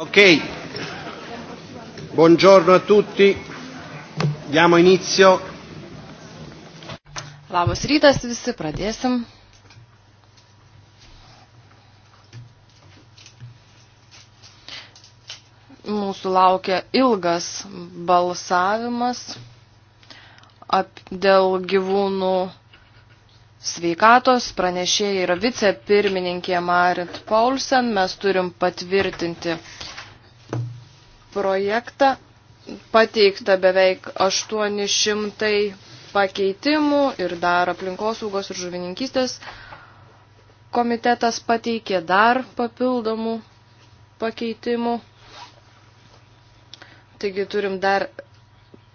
Ok, buongiorno a tutti, diamo inizio. Labas rytas visi, pradėsim. Mūsų laukia ilgas balsavimas ap, dėl gyvūnų sveikatos, pranešėja yra vicepirmininkė Marit Paulsen, mes turim patvirtinti projektą, pateikta beveik 800 pakeitimų ir dar aplinkosaugos ir žuvininkystės komitetas pateikė dar papildomų pakeitimų. Taigi turim dar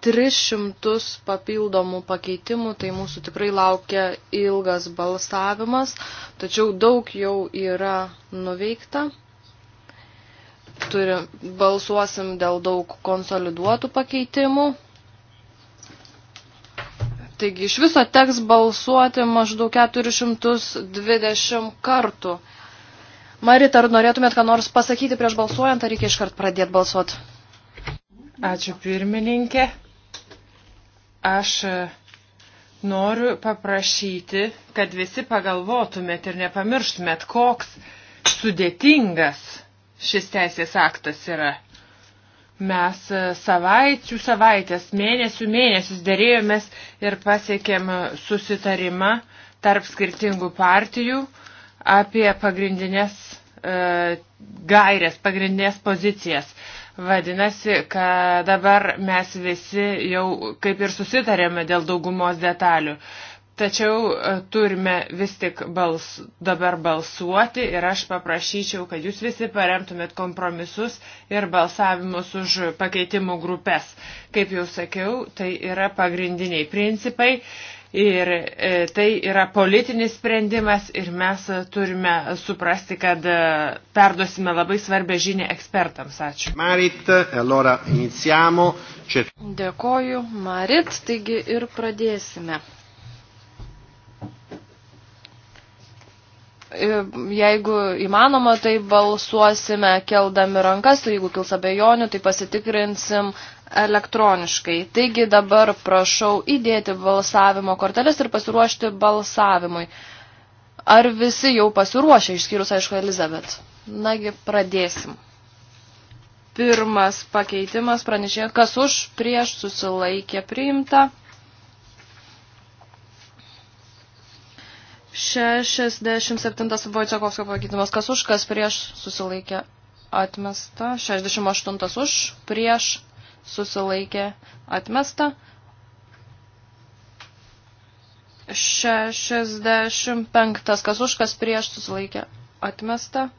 300 papildomų pakeitimų, tai mūsų tikrai laukia ilgas balsavimas, tačiau daug jau yra nuveikta. Turi, balsuosim dėl daug konsoliduotų pakeitimų. Taigi iš viso teks balsuoti maždaug 420 kartų. Marit, ar norėtumėt ką nors pasakyti prieš balsuojant, ar reikia iškart pradėti balsuoti? Ačiū pirmininkė. Aš e, noriu paprašyti, kad visi pagalvotumėt ir nepamirštumėt, koks sudėtingas šis teisės aktas yra. Mes e, savaičių savaitės, mėnesių mėnesius dėrėjomės ir pasiekėm susitarimą tarp skirtingų partijų apie pagrindinės e, gairės, pagrindinės pozicijas. Vadinasi, kad dabar mes visi jau kaip ir susitarėme dėl daugumos detalių. Tačiau e, turime vis tik bals, dabar balsuoti ir aš paprašyčiau, kad jūs visi paremtumėt kompromisus ir balsavimus už pakeitimų grupės. Kaip jau sakiau, tai yra pagrindiniai principai Ir e, tai yra politinis sprendimas ir mes turime suprasti, kad e, perduosime labai svarbę žinią ekspertams. Ačiū. Marit, e, allora iniciamo. Čia... Dėkoju, Marit, taigi ir pradėsime. jeigu įmanoma, tai balsuosime keldami rankas, tai jeigu kils abejonių, tai pasitikrinsim elektroniškai. Taigi dabar prašau įdėti balsavimo korteles ir pasiruošti balsavimui. Ar visi jau pasiruošę, išskyrus, aišku, Elizabet? Nagi, pradėsim. Pirmas pakeitimas pranešė, kas už prieš susilaikė priimta. 67 Vojcekovskio pakeitimas, kas už, kas prieš susilaikė atmesta. 68 už, prieš susilaikė atmesta. 65 kas už, kas prieš susilaikė atmesta.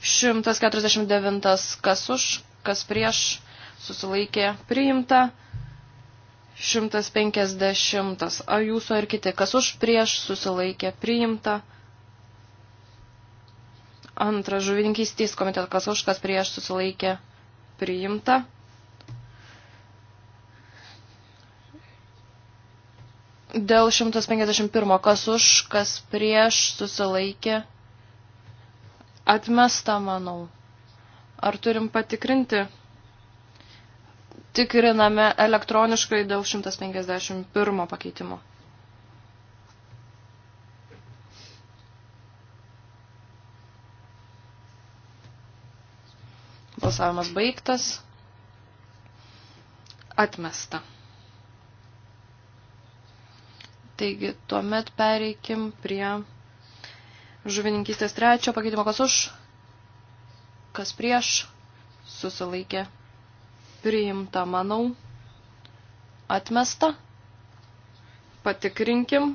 149 kas už, kas prieš susilaikė priimta. 150 ar jūsų ar kiti, kas už prieš susilaikė priimta. Antras žuvininkystės komitetas, kas už, kas prieš susilaikė priimta. Dėl 151, kas už, kas prieš, susilaikė, atmesta, manau. Ar turim patikrinti? Tikriname elektroniškai dėl 151 pakeitimo. Balsavimas baigtas. Atmesta. Taigi, tuomet pereikim prie žuvininkystės trečio pakeitimo, kas už, kas prieš, susilaikė, priimta, manau, atmesta, patikrinkim,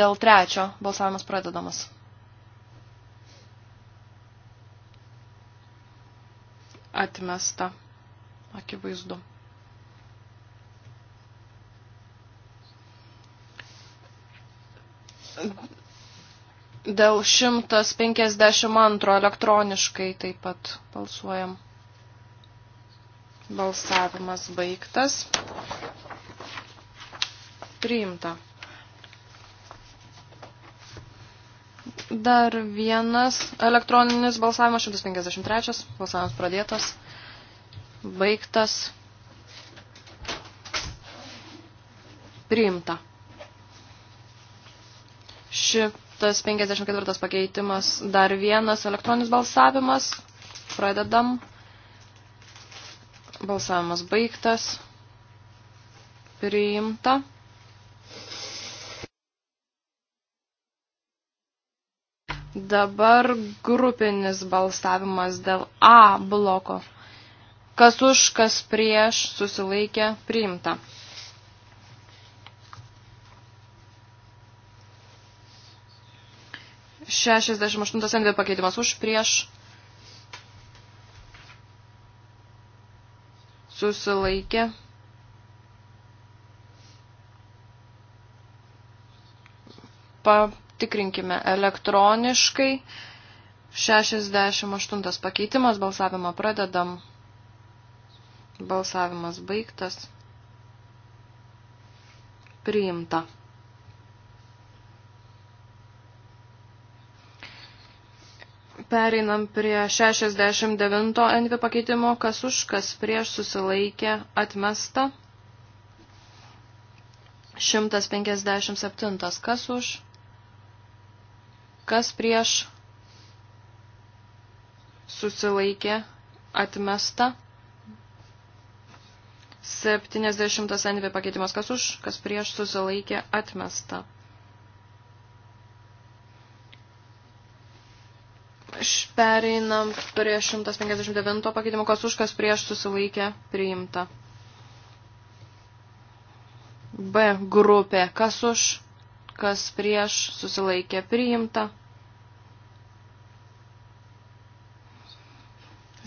dėl trečio balsavimas pradedamas. Atmesta, akivaizdu. Dėl 152 elektroniškai taip pat balsuojam. Balsavimas baigtas. Priimta. Dar vienas elektroninis balsavimas, 153, balsavimas pradėtas, baigtas, priimta. 154 pakeitimas, dar vienas elektroninis balsavimas. Pradedam. Balsavimas baigtas. Priimta. Dabar grupinis balsavimas dėl A bloko. Kas už, kas prieš, susilaikė, priimta. 68 NV pakeitimas už prieš susilaikė. Patikrinkime elektroniškai. 68 pakeitimas, balsavimą pradedam. Balsavimas baigtas. Priimta. Pereinam prie 69 NV pakeitimo, kas už, kas prieš susilaikė atmesta. 157 kas už, kas prieš susilaikė atmesta. 70 NV pakeitimas kas už, kas prieš susilaikė atmesta. Pereinam prie 159 pakeitimo, kas už, kas prieš susilaikė priimta. B grupė, kas už, kas prieš susilaikė priimta.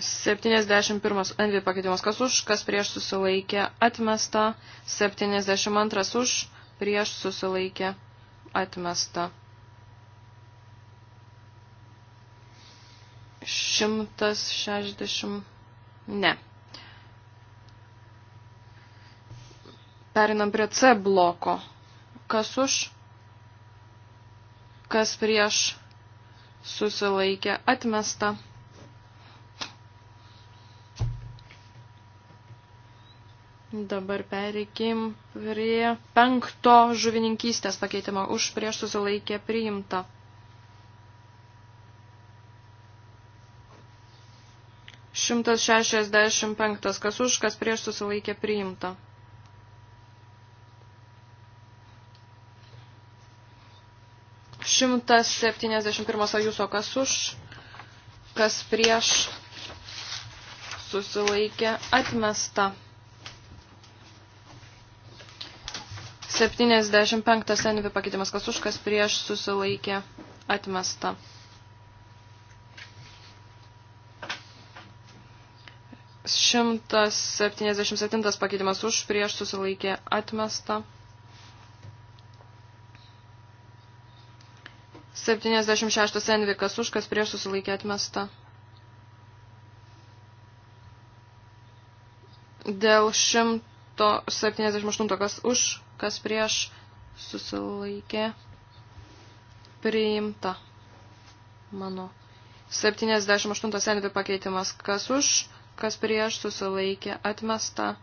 71 N2 pakeitimas, kas už, kas prieš susilaikė atmesta. 72 už, prieš susilaikė atmesta. 160. Ne. Perinam prie C bloko. Kas už, kas prieš susilaikė atmesta. Dabar pereikim prie penkto žuvininkystės pakeitimo. Už prieš susilaikė priimta. 165. Kas už, kas prieš susilaikė priimta. Šimtas septyniasdešimt pirmas ajuso kas už, kas prieš susilaikė atmesta. 75 envi pakeitimas kas už, kas prieš susilaikė atmesta. 177 pakeitimas už, prieš susilaikė atmesta. 76 Envikas už, kas prieš susilaikė atmesta. Dėl 178 kas už, kas prieš susilaikė priimta. Mano. 78 Envi pakeitimas kas už kas prieš susilaikė atmesta.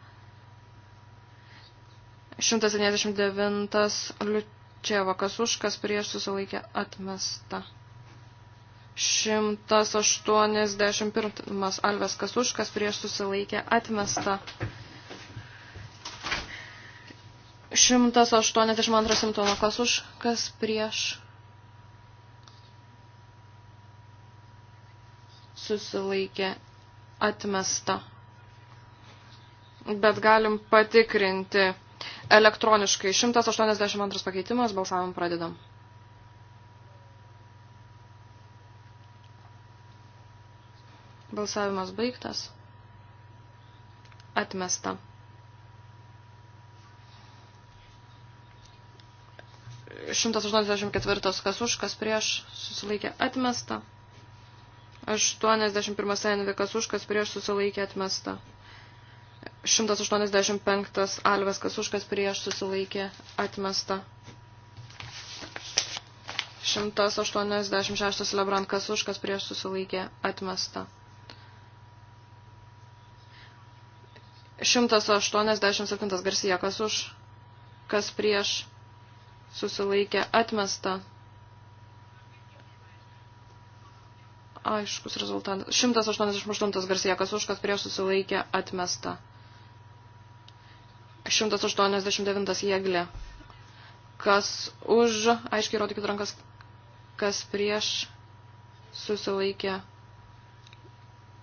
179 Liučeva, kas už, kas prieš susilaikė atmesta. 181 Alves, kas už, kas prieš susilaikė atmesta. 182 simptomo, kas už, kas prieš susilaikė atmesta. Bet galim patikrinti elektroniškai. 182 pakeitimas, balsavim pradedam. Balsavimas baigtas. Atmesta. Šimtas aštuoniasdešimt ketvirtas kas už, kas prieš, susilaikė atmesta. 81 Envikas už, kas prieš susilaikė atmesta. 185 Alves Kasuškas prieš susilaikė atmesta. 186 Lebrant Kasuškas prieš susilaikė atmesta. 187 Garsijakas už, kas prieš susilaikė atmesta. aiškus rezultatas. 188 garsija, kas už, kas prieš susilaikė atmesta. 189 jėglė. Kas už, aiškiai rodykit rankas, kas prieš susilaikė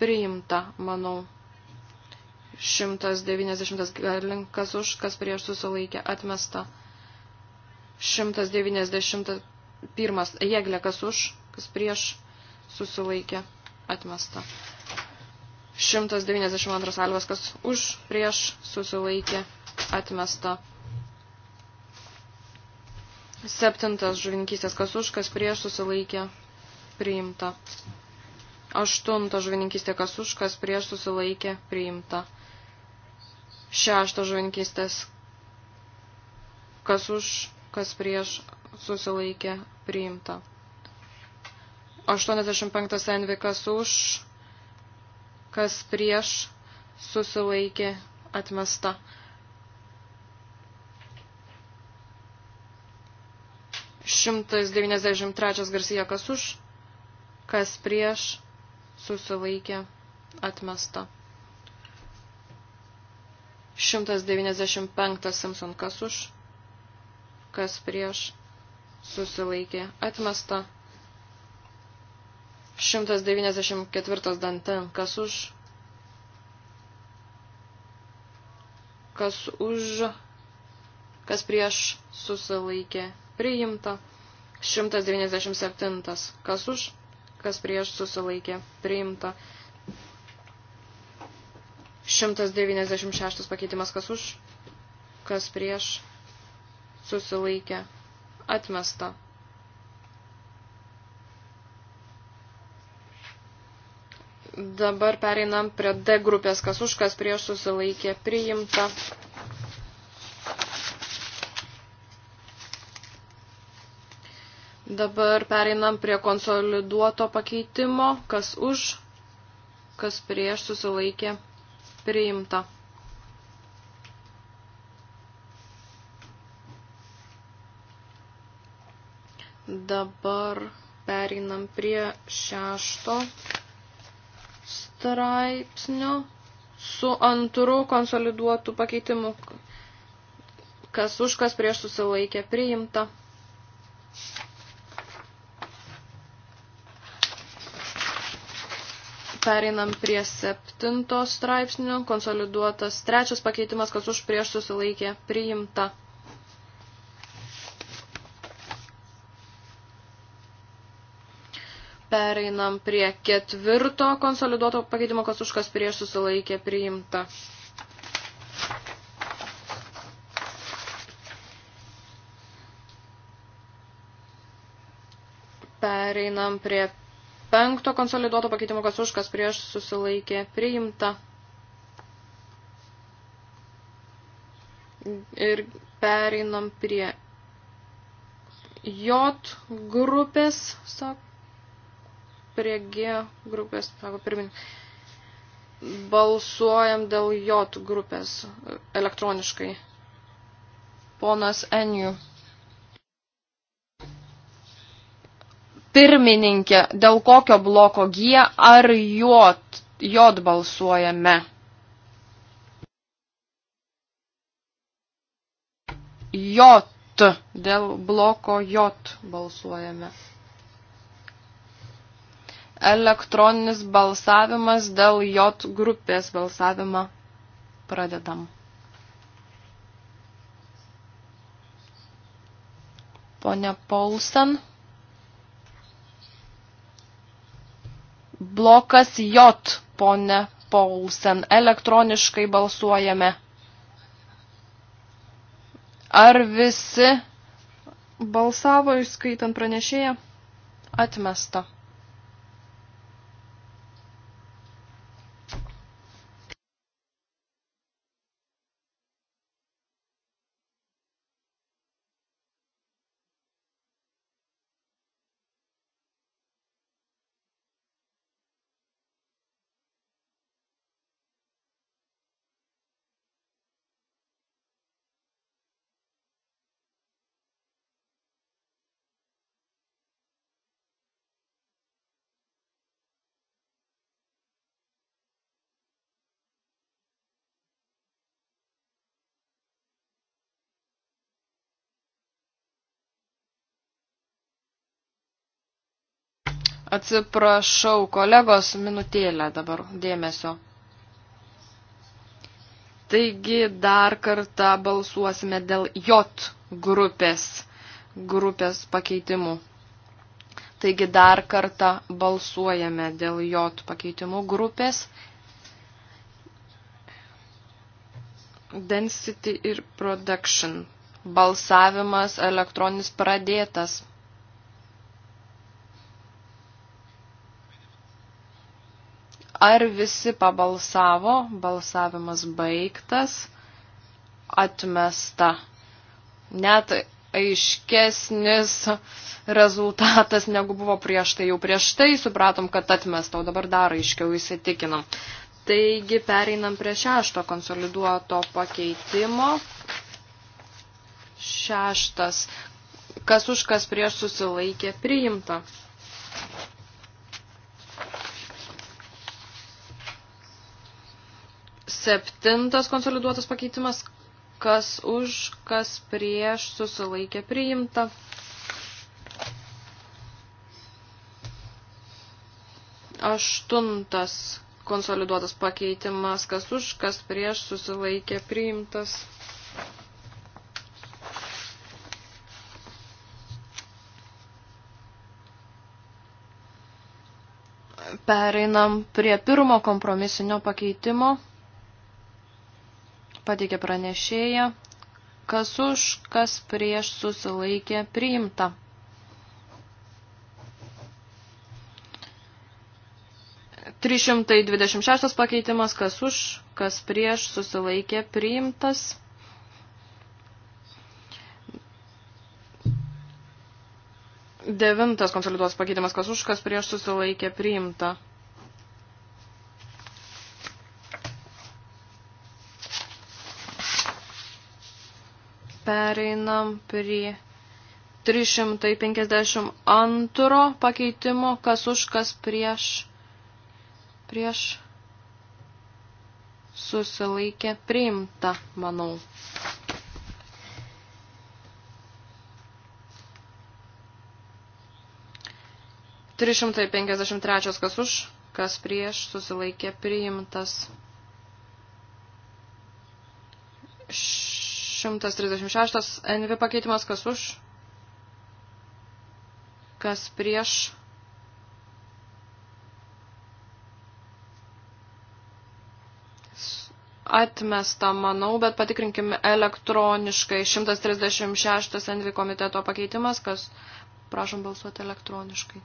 priimta, manau. 190 galin, kas už, kas prieš susilaikė atmesta. 191 jėglė, kas už, kas prieš susilaikė atmesta. 192 salvas, kas už prieš susilaikė atmesta. Septintas žuvininkystės kas už, kas prieš susilaikė priimta. Aštuntas žuvininkystė kas už, kas prieš susilaikė priimta. Šeštas žuvininkystės kas už, kas prieš susilaikė priimta. 85 envikas už, kas prieš susilaikė atmesta. Šimtas devyniasdešimt trečias garsija kas už, kas prieš susilaikė atmesta. 195 Simpson kas už, kas prieš, susilaikė, atmesta. 194 dantin, kas už, kas už, kas prieš susilaikė priimta. 197, kas už, kas prieš susilaikė priimta. 196 pakeitimas, kas už, kas prieš susilaikė atmesta. Dabar pereinam prie D grupės, kas už, kas prieš susilaikė priimta. Dabar pereinam prie konsoliduoto pakeitimo, kas už, kas prieš susilaikė priimta. Dabar pereinam prie šešto straipsnio su antru konsoliduotų pakeitimu, kas už kas prieš susilaikė priimta. Pereinam prie septinto straipsnio, konsoliduotas trečias pakeitimas, kas už prieš susilaikė priimta. Pereinam prie ketvirto konsoliduoto pakeitimo, kas už kas prieš susilaikė priimta. Pereinam prie penkto konsoliduoto pakeitimo, kas už kas prieš susilaikė priimta. Ir pereinam prie J grupės, sako prie G grupės, sako pirmininkas. Balsuojam dėl J grupės elektroniškai. Ponas Enju. Pirmininkė, dėl kokio bloko G ar J, J balsuojame? J, dėl bloko J balsuojame. Elektroninis balsavimas dėl J grupės balsavimą pradedam. Pone Paulsen. Blokas J, pone Paulsen. Elektroniškai balsuojame. Ar visi balsavo, išskaitant pranešėją? Atmesta. Atsiprašau, kolegos, minutėlę dabar dėmesio. Taigi dar kartą balsuosime dėl J grupės, grupės pakeitimų. Taigi dar kartą balsuojame dėl J pakeitimų grupės. Density ir Production. Balsavimas elektroninis pradėtas. Ar visi pabalsavo? Balsavimas baigtas. Atmesta. Net aiškesnis rezultatas, negu buvo prieš tai. Jau prieš tai supratom, kad atmesta, o dabar dar aiškiau įsitikinam. Taigi pereinam prie šešto konsoliduoto pakeitimo. Šeštas. Kas už kas prieš susilaikė priimta. Septintas konsoliduotas pakeitimas, kas už, kas prieš susilaikė priimta. Aštuntas konsoliduotas pakeitimas, kas už, kas prieš susilaikė priimtas. Pereinam prie pirmo kompromisinio pakeitimo pateikė pranešėja, kas už, kas prieš susilaikė priimta. Trišimtai dvidešimt šeštas pakeitimas, kas už, kas prieš susilaikė priimtas. 9 konsoliduotas pakeitimas, kas už, kas prieš susilaikė priimta. Pereinam prie 352 pakeitimo, kas už, kas prieš, prieš susilaikė priimta, manau. Trišimtai penkiasdešimt trečias kas už, kas prieš susilaikė priimtas. 136 NV pakeitimas, kas už, kas prieš. Atmesta, manau, bet patikrinkime elektroniškai. 136 NV komiteto pakeitimas, kas prašom balsuoti elektroniškai.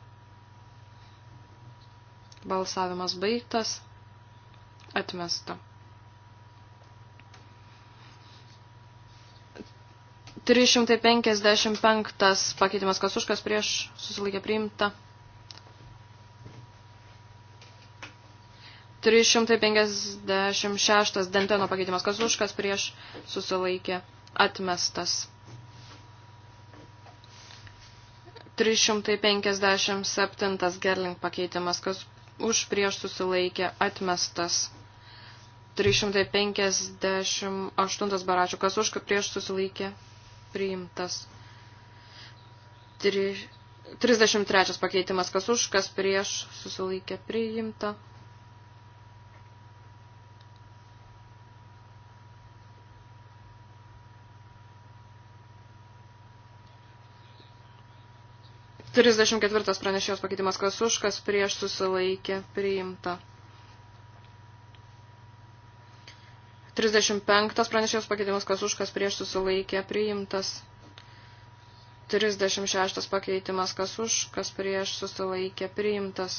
Balsavimas baigtas. Atmesta. 355 pakeitimas kasuškas prieš susilaikė priimta. 356 Denteno pakeitimas kasuškas prieš susilaikė atmestas. 357 Gerling pakeitimas, kas už prieš susilaikė atmestas. 358 Baračių, kas už prieš susilaikė priimtas. 33 pakeitimas kas už, kas prieš, susilaikė priimta. Trisdešimt ketvirtas pranešėjos pakeitimas kas už, kas prieš susilaikė priimta. 35 pranešėjos pakeitimas, kas už, kas prieš susilaikė, priimtas. 36 pakeitimas, kas už, kas prieš susilaikė, priimtas.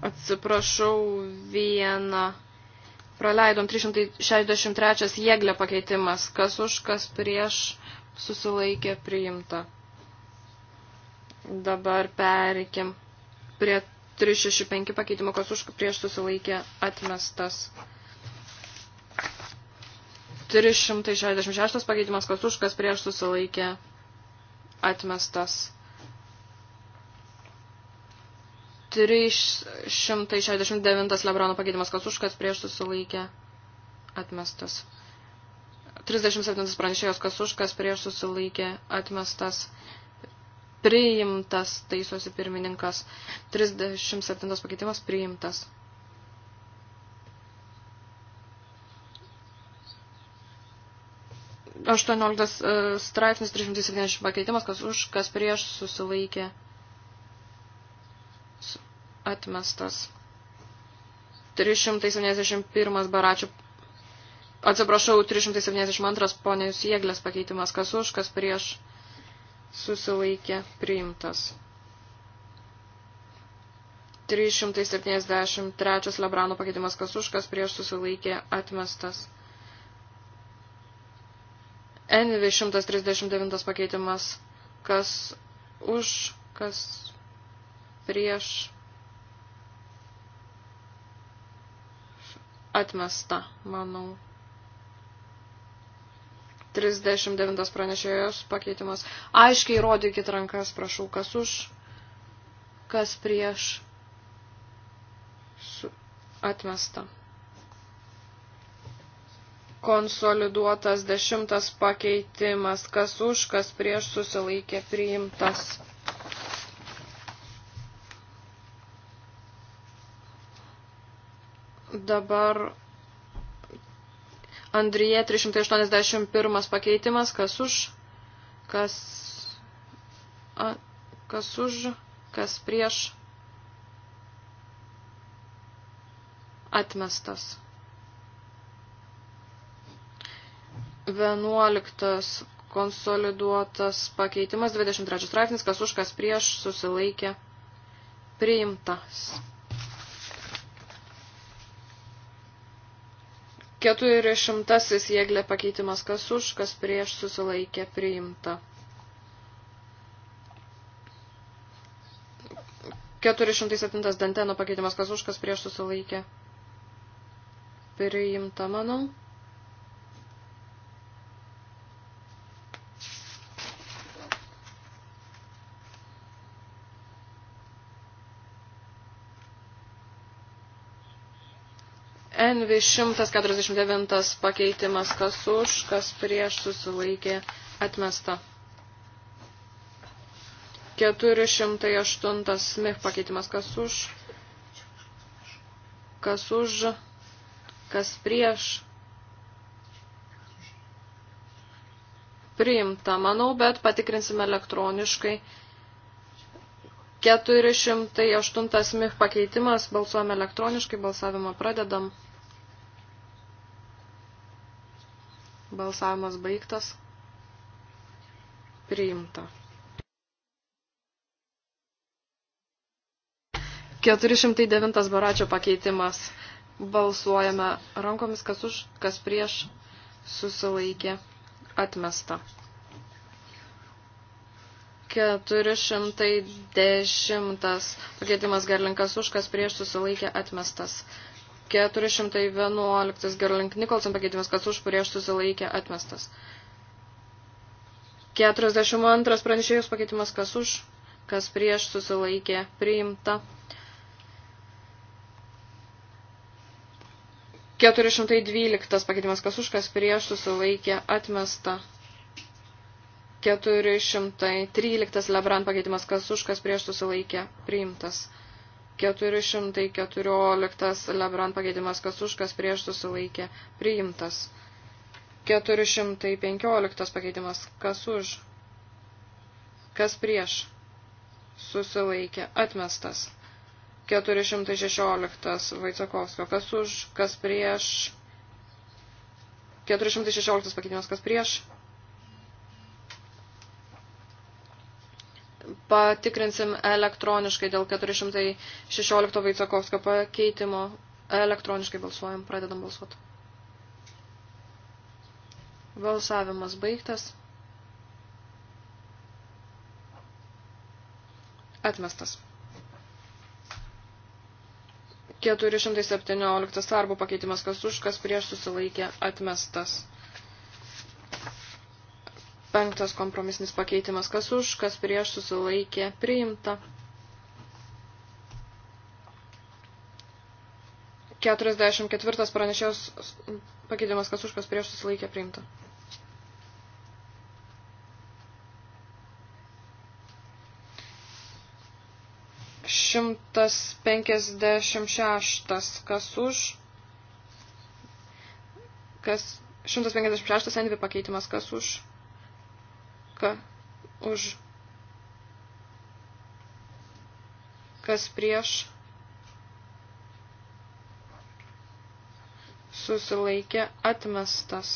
Atsiprašau vieną. Praleidom 363 jėglę pakeitimas, kas už, kas prieš susilaikė priimta. Dabar perikim prie 365 pakeitimo, kas už prieš susilaikė atmestas. 366 pakeitimas, kas už, kas prieš susilaikė atmestas. 369 Lebrono pakeitimas, kas už, kas prieš susilaikė atmestas. 37 pranešėjos, kas už, kas prieš susilaikė atmestas, priimtas, taisosi pirmininkas. 37 pakeitimas priimtas. Aštuonioliktas e, straipsnis 370 pakeitimas, kas už, kas prieš susilaikė atmestas. 371 baračių Atsiprašau, 372 ponės jėglės pakeitimas, kas už, kas prieš susilaikė priimtas. 373 Lebrano pakeitimas Kasuškas prieš susilaikė atmestas. NV 139 pakeitimas kas už, kas prieš atmesta, manau. 39 pranešėjos pakeitimas. Aiškiai rodykit rankas, prašau, kas už, kas prieš su, atmesta. Konsoliduotas dešimtas pakeitimas, kas už, kas prieš susilaikė priimtas. Dabar Andrije 381 pakeitimas, kas už, kas, a, kas už, kas prieš atmestas. 11 konsoliduotas pakeitimas, 23 straipsnis, kas už, kas prieš susilaikė priimtas. 400 jėglė pakeitimas kas už, kas prieš susilaikė priimta. 407 danteno pakeitimas kas už, kas prieš susilaikė priimta, manau. Envi 149 pakeitimas, kas už, kas prieš susilaikė atmesta. 408 smith pakeitimas, kas už, kas už, kas prieš. Priimta, manau, bet patikrinsime elektroniškai. 408 MIF pakeitimas, balsuojame elektroniškai, balsavimą pradedam. Balsavimas baigtas. Priimta. 409 baračio pakeitimas. Balsuojame rankomis, kas už, kas prieš susilaikė atmesta. 410 pakeitimas garlinkas už, kas prieš susilaikė atmestas. 411 Gerlink Nikolson pakeitimas, kas už prieš susilaikė atmestas. 42 pranešėjus pakeitimas, kas už, kas prieš susilaikė priimta. 412 pakeitimas, kas už, kas prieš susilaikė atmesta. 413 Lebran pakeitimas, kas už, kas prieš susilaikė priimtas. 414 414 Lebrant pagėdimas, kas už, kas prieš susilaikė, priimtas. 415 pakeitimas, kas už, kas prieš, susilaikė, atmestas. 416 Vaicakovskio, kas už, kas prieš, 416 pakeitimas, kas prieš, patikrinsim elektroniškai dėl 416 Vaicakovskio pakeitimo. Elektroniškai balsuojam, pradedam balsuoti. Balsavimas baigtas. Atmestas. 417 arba pakeitimas kas už, kas prieš susilaikė atmestas. Penktas kompromisinis pakeitimas, kas už, kas prieš susilaikė, priimta. 44 pranešėjos pakeitimas, kas už, kas prieš susilaikė, priimta. Šimtas penkiasdešimt šeštas, kas už, kas, šimtas penkiasdešimt šeštas, envi pakeitimas, kas už, ka, už, kas prieš susilaikė atmestas.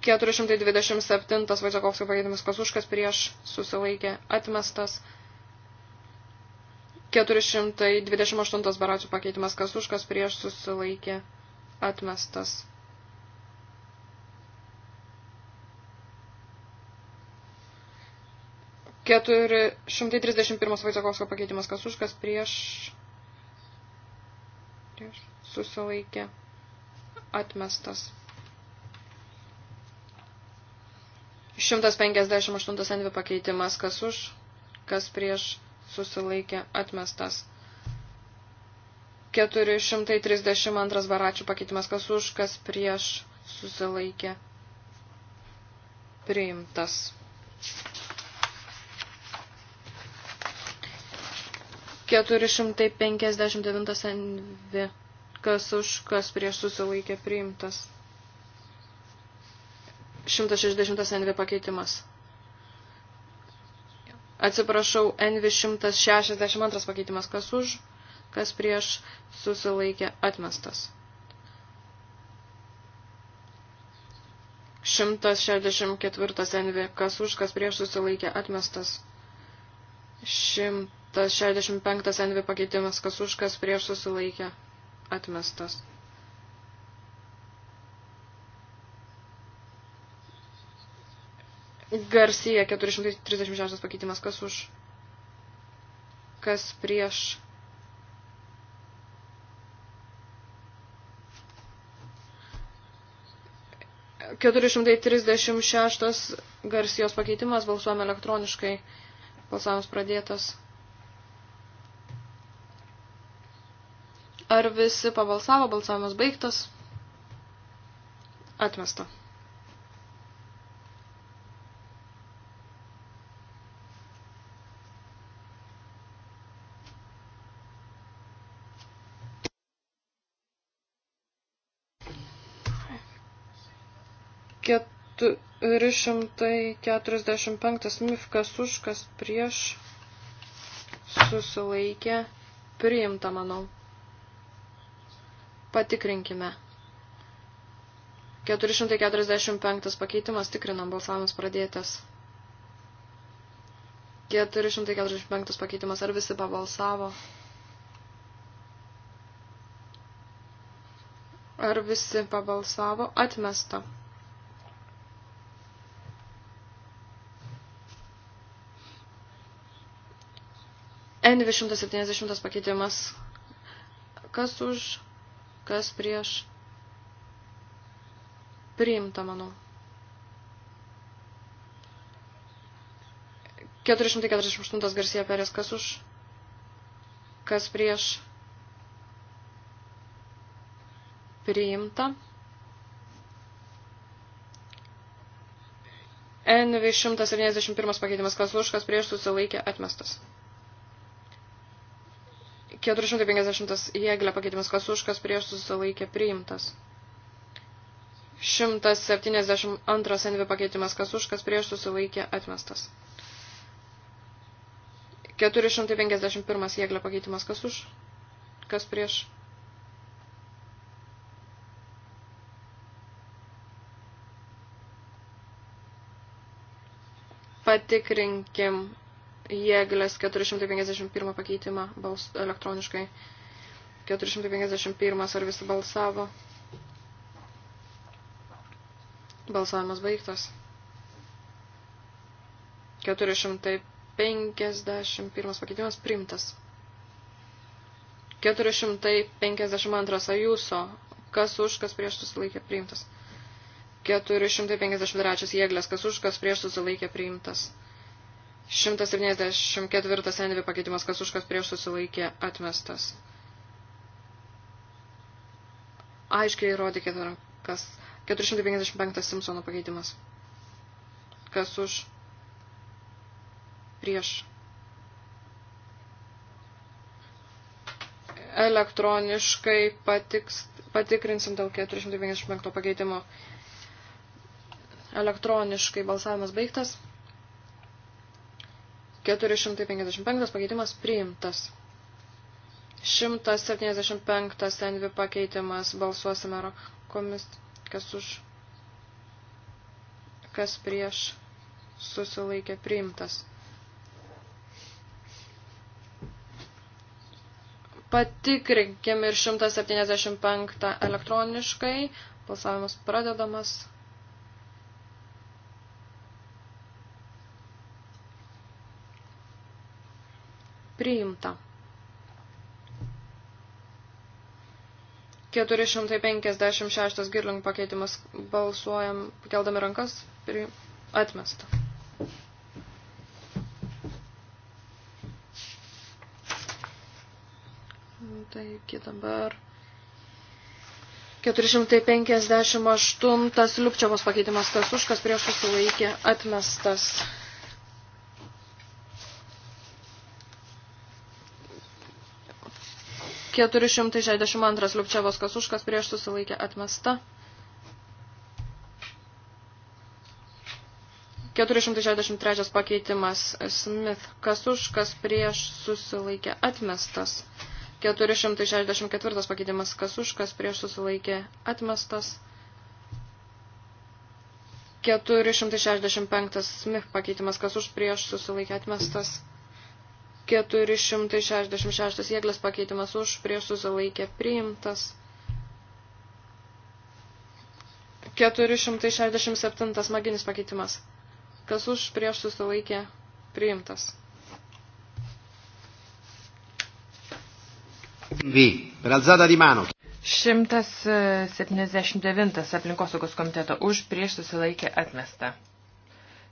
427 Vaisakovskio pagėdimas Kasuškas prieš susilaikė atmestas. 428 Baracijų pakeitimas Kasuškas prieš susilaikė atmestas. 431 Vaicekovskio pakeitimas, kas už, kas prieš, prieš susilaikė, atmestas. 158 Envi pakeitimas, kas už, kas prieš, susilaikė, atmestas. 432 baračių pakeitimas, kas už, kas prieš, susilaikė, priimtas. 459 envi. Kas už, kas prieš susilaikė priimtas. 160 envi pakeitimas. Atsiprašau, envi 162 pakeitimas. Kas už, kas prieš susilaikė atmestas. 164 envi. Kas už, kas prieš susilaikė atmestas. 100. Tas 65 NV pakeitimas, kas už kas prieš susilaikė, atmestas. Garsija 436 pakeitimas, kas už, kas prieš. Keturi šimtai trisdešimt šeštas garsijos pakeitimas balsuojame elektroniškai. Balsavimas pradėtas. Ar visi pabalsavo, balsavimas baigtas? Atmesta. Keturi šimtai keturiasdešimt penktas mifkas užkas prieš susilaikė priimta, manau. Patikrinkime. 445 pakeitimas tikrinam balsavimas pradėtas. 445 pakeitimas, ar visi pabalsavo? Ar visi pabalsavo? Atmesta. N270 pakeitimas. Kas už Kas prieš? Priimta, manau. 448 Garcia Perės, kas už? Kas prieš? Priimta. NV171 pakeitimas, kas už, kas prieš susilaikė atmestas. 450 jėglė pakeitimas kas už, kas prieš susilaikė priimtas. 172 envi pakeitimas kas už, kas prieš susilaikė atmestas. 451 jėglė pakeitimas kas už, kas prieš. Patikrinkim jėglės 451 pakeitimą bals, elektroniškai. 451 ar visi balsavo. Balsavimas baigtas. 451 pakeitimas primtas. 452 ajuso. Kas už, kas prieš susilaikė priimtas. 453 jėglės. Kas už, kas prieš susilaikė priimtas. 174 senvė pakeitimas, kas už kas prieš susilaikė atmestas. Aiškiai įrodykit, kas 455 Simpsono pakeitimas. Kas už prieš. Elektroniškai patiks, patikrinsim dėl 455 pakeitimo. Elektroniškai balsavimas baigtas. 455 pakeitimas priimtas. 175 envi pakeitimas balsuosime rokomis, kas už, kas prieš susilaikė priimtas. Patikrinkim ir 175 elektroniškai. Balsavimas pradedamas. priimta. 456 girling pakeitimas balsuojam, keldami rankas, pri... atmesta. Taigi dabar 458 liupčiavos pakeitimas kas už, kas prieš susilaikė, atmestas. 462 Liupčiavos Kasuškas prieš susilaikė atmesta. 463 pakeitimas Smith Kasuškas prieš susilaikė atmestas. 464 pakeitimas Kasuškas prieš susilaikė atmestas. 465 Smith pakeitimas Kasuš prieš susilaikė atmestas. 466 jėglės pakeitimas už prieš susilaikė priimtas. 467 maginis pakeitimas. Kas už prieš susilaikė priimtas. V. Per alzata di mano. 179 e, aplinkosaugos komiteto už prieš susilaikė atmesta.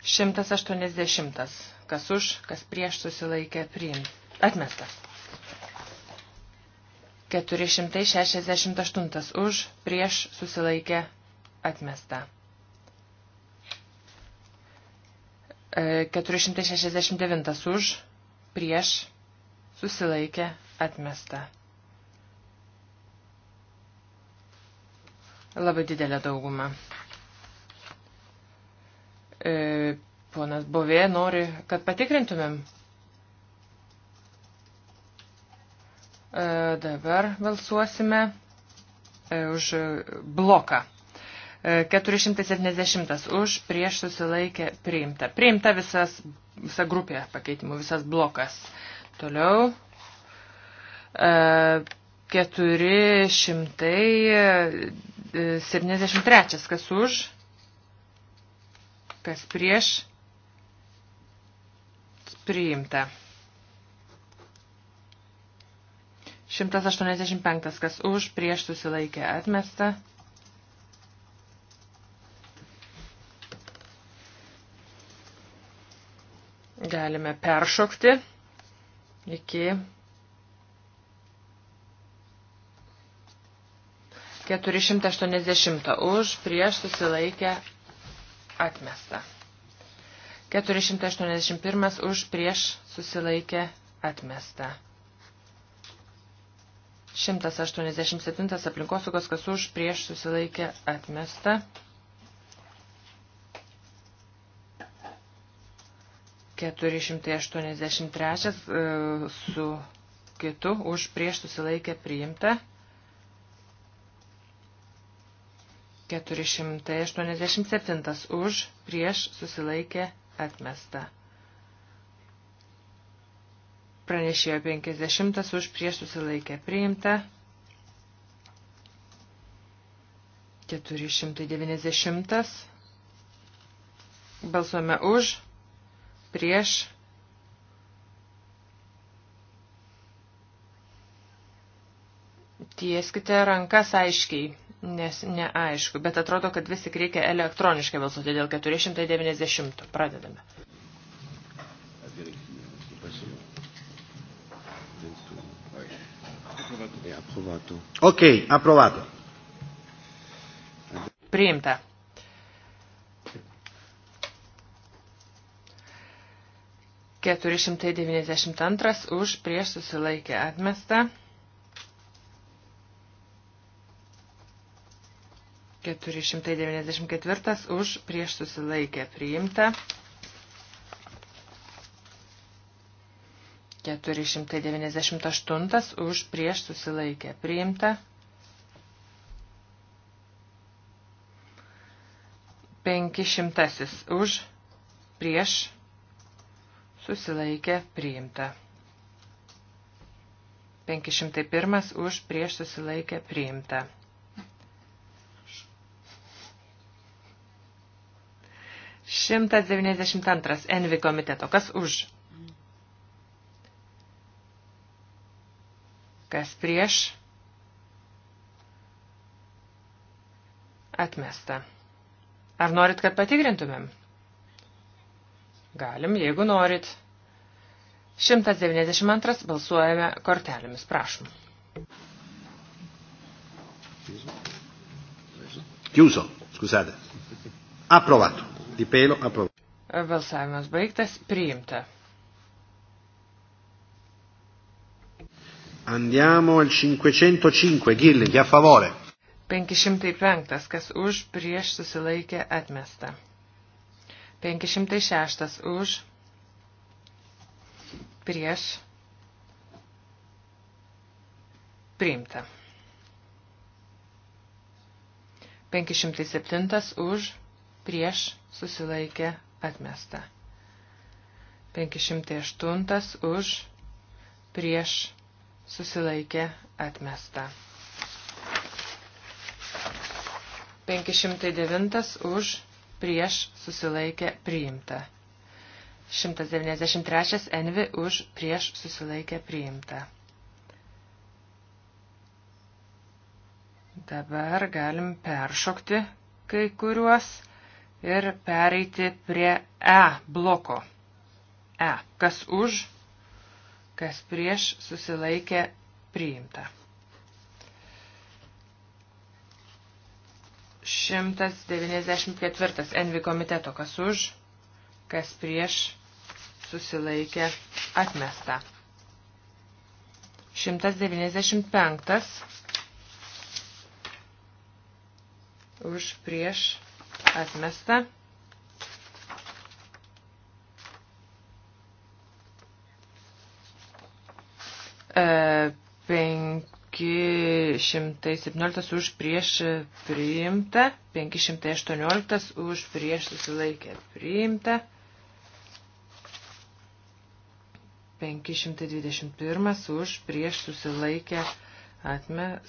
180. Kas už, kas prieš susilaikė priim. Atmestas. 468 už, prieš susilaikė atmesta. 469 e, už, prieš susilaikė atmesta. Labai didelė dauguma. E, ponas Bovė nori, kad patikrintumėm. E, dabar balsuosime e, už bloką. 470 e, už prieš susilaikę priimta. Priimta visas, visa grupė pakeitimų, visas blokas. Toliau 473, e, e, kas už, kas prieš, priimta. 185, kas už, prieš susilaikė atmesta. Galime peršokti iki 480 už, prieš susilaikę atmesta. 481 už prieš susilaikė atmesta. 187 aplinkosaugos, kas už prieš susilaikė atmesta. 483 e, su kitu už prieš susilaikė priimta. 487 už, prieš, susilaikė, atmesta. Pranešėjo 50 už, prieš, susilaikė, priimta. 490. Balsuome už, prieš. Tieskite rankas aiškiai nes neaišku, bet atrodo, kad vis tik reikia elektroniškai balsuoti dėl 490. Pradedame. Ok, approvato. Priimta. Keturi šimtai devyniasdešimt antras už prieš susilaikę atmestą. 494 už prieš susilaikę priimta. 498 už prieš susilaikę priimta. 500 už prieš susilaikę priimta. 501 už prieš susilaikę priimta. 192. Envi komiteto. Kas už? Kas prieš? Atmesta. Ar norit, kad patikrintumėm? Galim, jeigu norit. 192 balsuojame kortelėmis, prašom. Chiuso, scusate. Approvato. Dipėlio aprovo. Balsavimas baigtas, priimta. Andiamo al 505, Gilli, a favore. 505, kas už, prieš susilaikė atmesta. 506 už, prieš, priimta. 507 už, prieš prieš susilaikė atmesta. 508 už prieš susilaikė atmesta. 509 už prieš susilaikė priimta. 193 envi už prieš susilaikė priimta. Dabar galim peršokti kai kuriuos ir pereiti prie E bloko. E. Kas už, kas prieš susilaikė priimta. 194. Envi komiteto. Kas už, kas prieš susilaikė atmesta. 195. Už prieš atmesta. E, 517 už prieš priimta, 518 už prieš susilaikę priimta, 521 už prieš susilaikę atmes,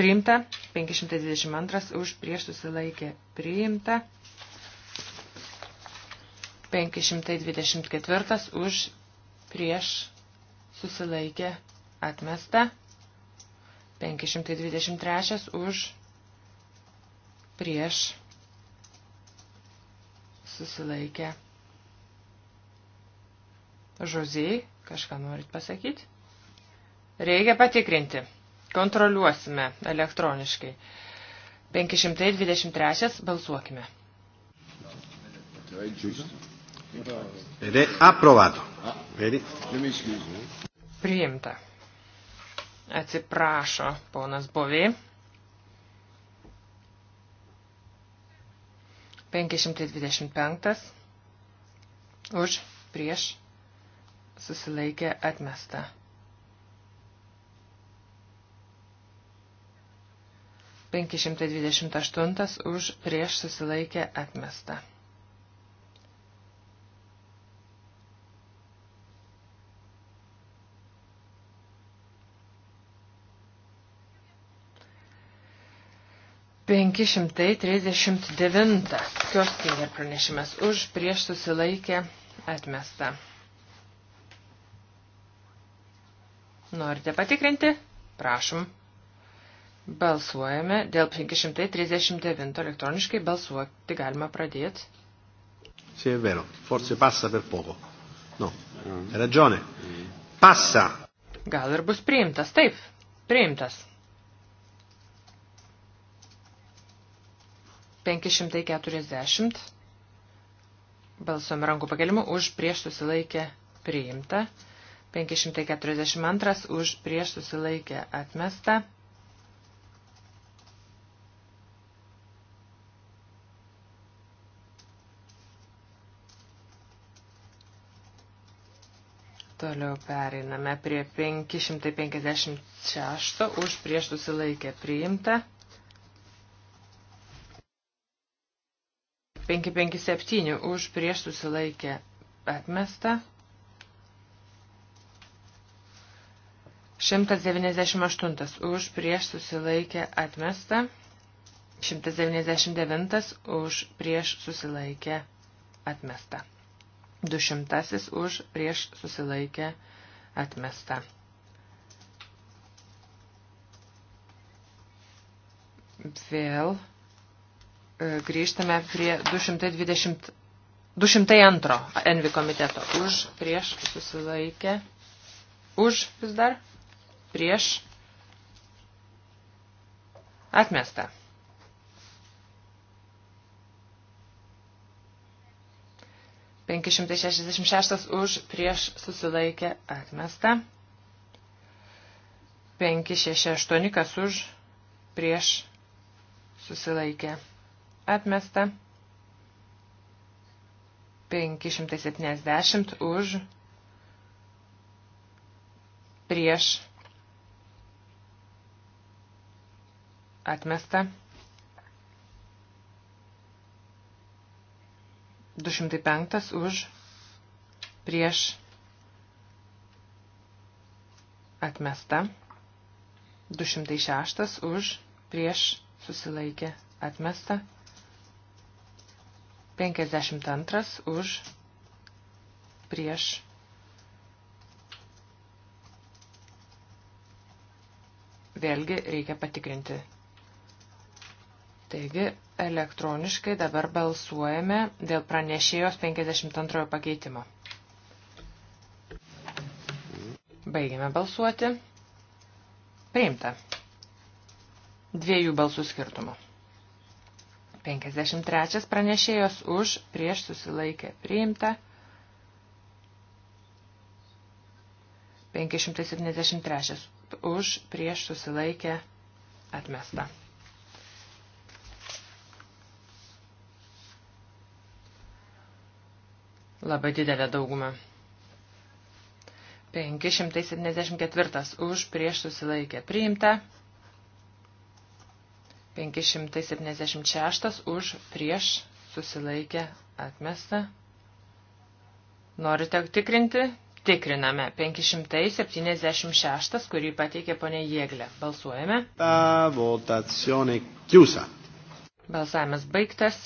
priimta, 522 už prieš susilaikė priimta, 524 už prieš susilaikė atmesta, 523 už prieš susilaikė. Žuziai, kažką norit pasakyti? Reikia patikrinti. Kontroliuosime elektroniškai. 523 balsuokime. Ed è approvato. Vedi? Priimta. Atsiprašo, ponas Bovė. 525. Už, prieš, susilaikė atmesta. 528 už prieš susilaikę atmestą. Penki šimtai trisdešimt devinta. Kioskinger pranešimas už prieš susilaikę atmestą. Norite patikrinti? Prašom. Balsuojame dėl 539 elektroniškai balsuoti galima pradėti. Sì, è vero, forse passa per poco. No, hai ragione. Passa. Gal ir bus priimtas, taip, priimtas. 540 balsuom rankų pakelimu už prieš susilaikę priimta. 542 už prieš susilaikę atmesta. Toliau pereiname prie 556 už prieš susilaikę priimta. 557 už prieš susilaikę atmesta. 198 už prieš susilaikę atmesta. 199 už prieš susilaikę atmesta. 200 už prieš susilaikę atmesta. Vėl e, grįžtame prie 220, 202 Envi komiteto. Už prieš susilaikę. Už vis dar. Prieš. Atmesta. 566 už prieš susilaikė atmesta. 568 kas už prieš susilaikė atmesta. 570 už prieš atmesta. 205 už prieš atmesta. 206 už prieš susilaikė atmesta. 52 už prieš vėlgi reikia patikrinti Taigi elektroniškai dabar balsuojame dėl pranešėjos 52 pakeitimo. Baigiame balsuoti. Priimta. Dviejų balsų skirtumų. 53 pranešėjos už prieš susilaikę priimta. 573 už prieš susilaikę atmesta. Labai didelė dauguma. 574 už prieš susilaikę priimta. 576 už prieš susilaikę atmesta. Norite tikrinti? Tikriname. 576, kurį pateikė ponė Jėglė. Balsuojame. Ta votacione chiusa. Balsavimas baigtas.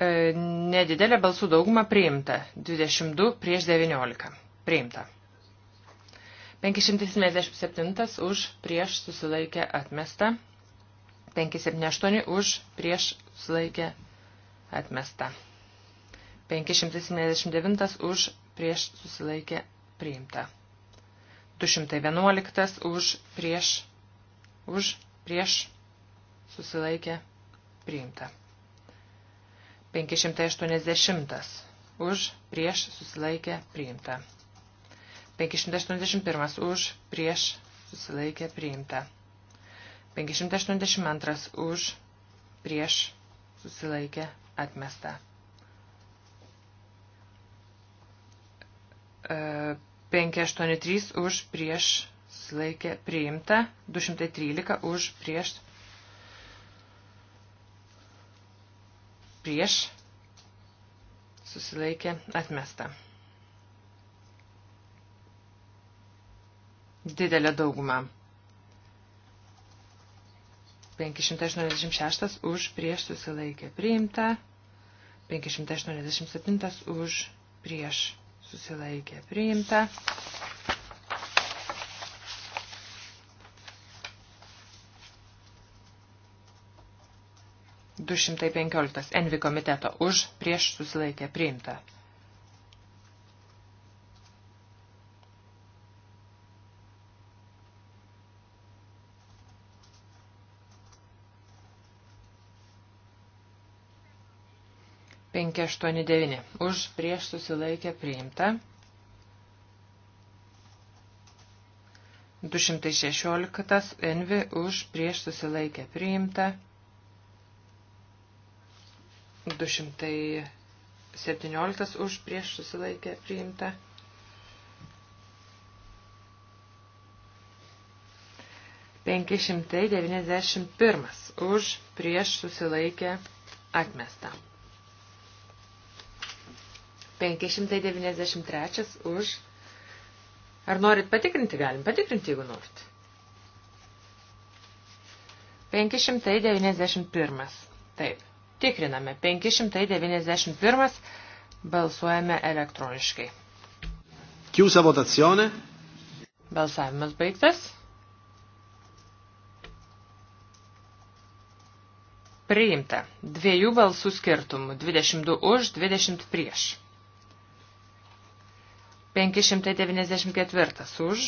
E, nedidelė balsų dauguma priimta. 22 prieš 19. Priimta. 577 už prieš susilaikę atmesta. 578 už prieš susilaikę atmesta. 579 už prieš susilaikę priimta. 211 už prieš, už prieš susilaikę priimta. 580. Už, prieš, susilaikė, priimta. 581. Už, prieš, susilaikė, priimta. 582. Už, prieš, susilaikė, atmesta. 583 e, už prieš susilaikė priimta, 213 už prieš prieš, susilaikė, atmesta. Didelė dauguma. 586 už prieš susilaikė priimta, 587 už prieš susilaikė priimta, 215 Envi komiteto už prieš susilaikę priimta. Penki aštuoni devyni. Už prieš susilaikę priimta. 216 Envi už prieš susilaikę priimta. 217 už prieš susilaikę priimta. Penki šimtai devyniasdešimt pirmas už prieš susilaikę atmestą. 593 už. Ar norit patikrinti? Galim patikrinti, jeigu norit. 591. Taip. Tikriname 591, balsuojame elektroniškai. Chiusa votazione. Balsavimas baigtas. Priimta. Dviejų balsų skirtumų. 22 už, 20 prieš. 594 už.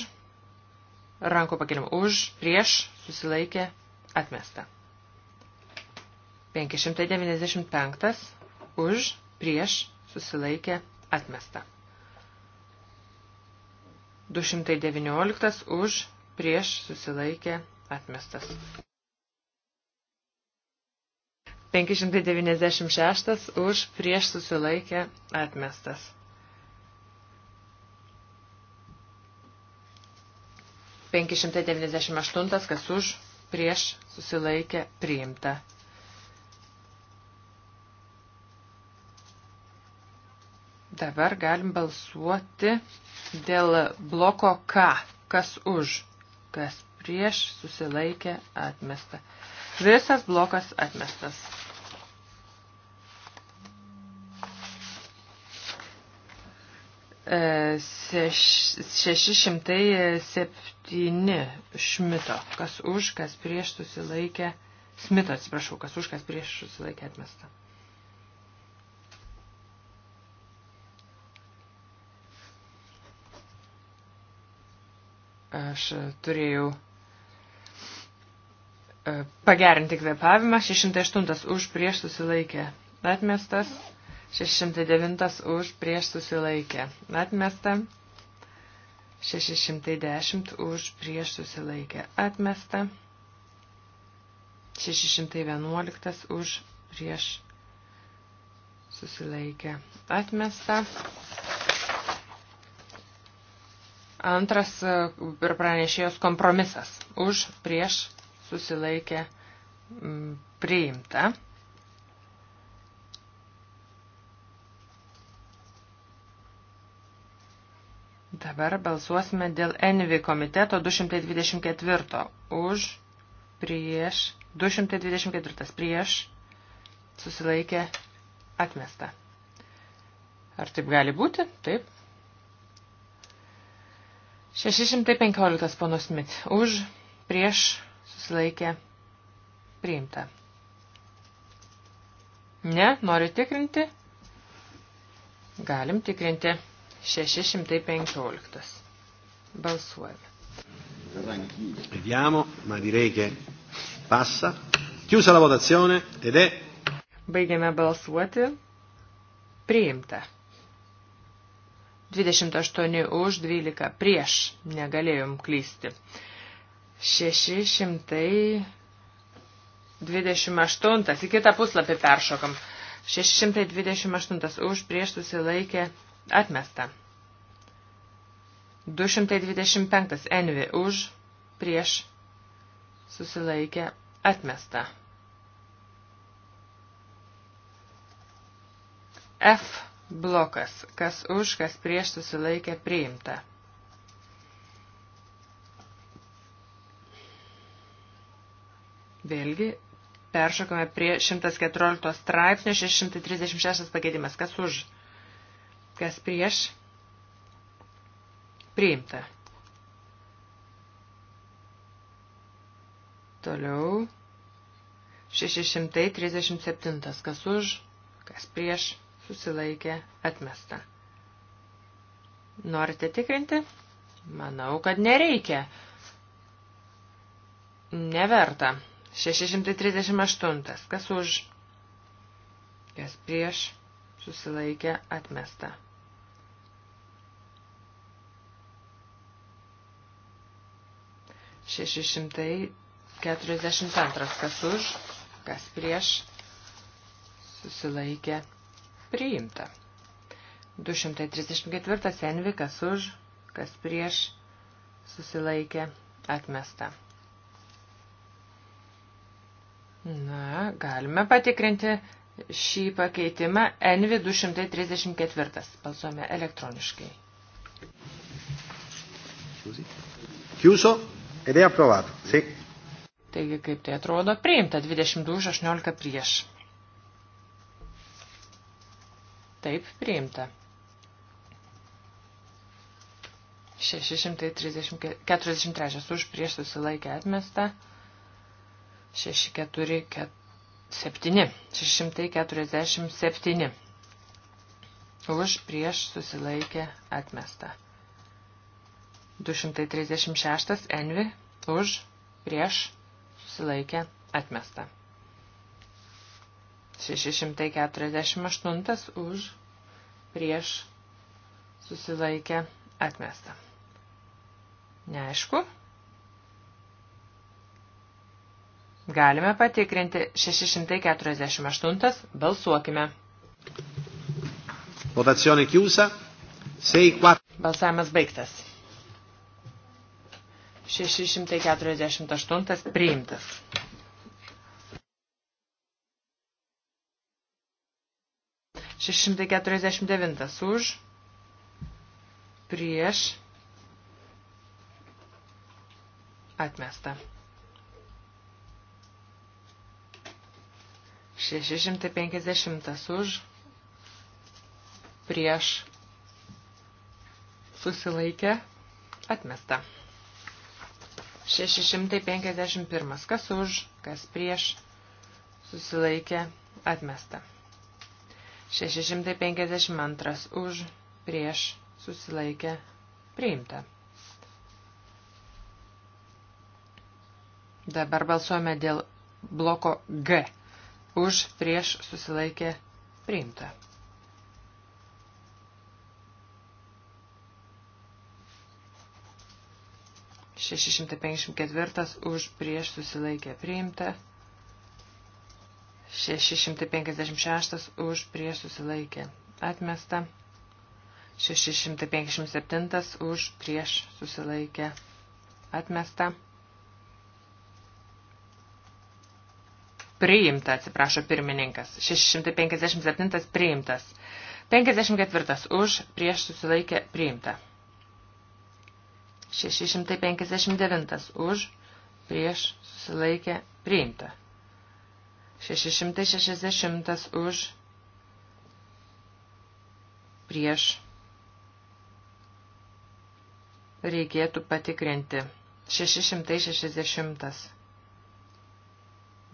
Rankų pakelimų už, prieš, susilaikė, atmesta. 595 už, prieš, susilaikė, atmesta. 219 už, prieš, susilaikė, atmestas. 596 už, prieš, susilaikė, atmestas. 598 kas už, prieš, susilaikė, priimta. Dabar galim balsuoti dėl bloko K. Kas už, kas prieš susilaikė atmesta. Visas blokas atmestas. E, seš, 607 šmito, kas už, kas prieš susilaikė, smito atsiprašau, kas už, kas prieš susilaikė atmestą. Aš turėjau e, pagerinti kvepavimą. 608 už prieš susilaikę. Atmestas. 609 už prieš susilaikę. Atmesta. 610 už prieš susilaikę. Atmesta. 611 už prieš susilaikę. Atmesta. Antras e, ir pranešėjos kompromisas. Už, prieš, susilaikė, priimta. Dabar balsuosime dėl Envi komiteto 224. Už, prieš, 224 prieš, susilaikė, atmesta. Ar taip gali būti? Taip. 615 pono Smith. Už, prieš, susilaikė, priimta. Ne, nori tikrinti? Galim tikrinti. 615. Balsuojame. Vediamo, ma direi che passa. Chiusa la votazione ed è. Baigiame balsuoti. Priimta. 28 už, 12 prieš, negalėjom klysti. 628, į kitą puslapį peršokam. 628 už, prieš susilaikė, atmesta. 225 envi už, prieš susilaikė, atmesta. F blokas, kas už, kas prieš susilaikė priimta. Vėlgi, peršokame prie 114 straipsnio 636 pakeitimas. Kas už, kas prieš, priimta. Toliau, 637, kas už, kas prieš, priimta susilaikė, atmesta. Norite tikrinti? Manau, kad nereikia. Neverta. 638. Kas už? Kas prieš? Susilaikė, atmesta. Šešišimtai keturiasdešimt antras, kas už, kas prieš, susilaikė, priimta. 234 envi, kas už, kas prieš, susilaikė, atmesta. Na, galime patikrinti šį pakeitimą envi 234. Balsuome elektroniškai. Chiuso ed è approvato. Sì. Taigi, kaip tai atrodo, priimta 22 už 18 prieš. Taip, priimta. 643 už prieš susilaikę atmestą. 647. 647 už prieš susilaikę atmestą. 236 envi už prieš susilaikę atmestą. 648 už prieš susilaikę atmestą. Neaišku. Galime patikrinti 648. Balsuokime. Votazione chiusa. 6, 4. Balsavimas baigtas. 648 priimtas. 649 už, prieš, atmesta. 650 už, prieš, susilaikę, atmesta. 651 kas už, kas prieš, susilaikė, atmesta. 652 už prieš susilaikę priimta. Dabar balsuojame dėl bloko G. Už prieš susilaikę priimta. Šešišimtai penkišimtai ketvirtas už prieš susilaikę priimta. 656 už prieš susilaikė. Atmesta. 657 už prieš susilaikė. Atmesta. Priimta, atsiprašo pirmininkas. 657 priimtas. 54 už prieš susilaikė priimta. 659 už prieš susilaikė priimta. 660 už prieš reikėtų patikrinti. 660.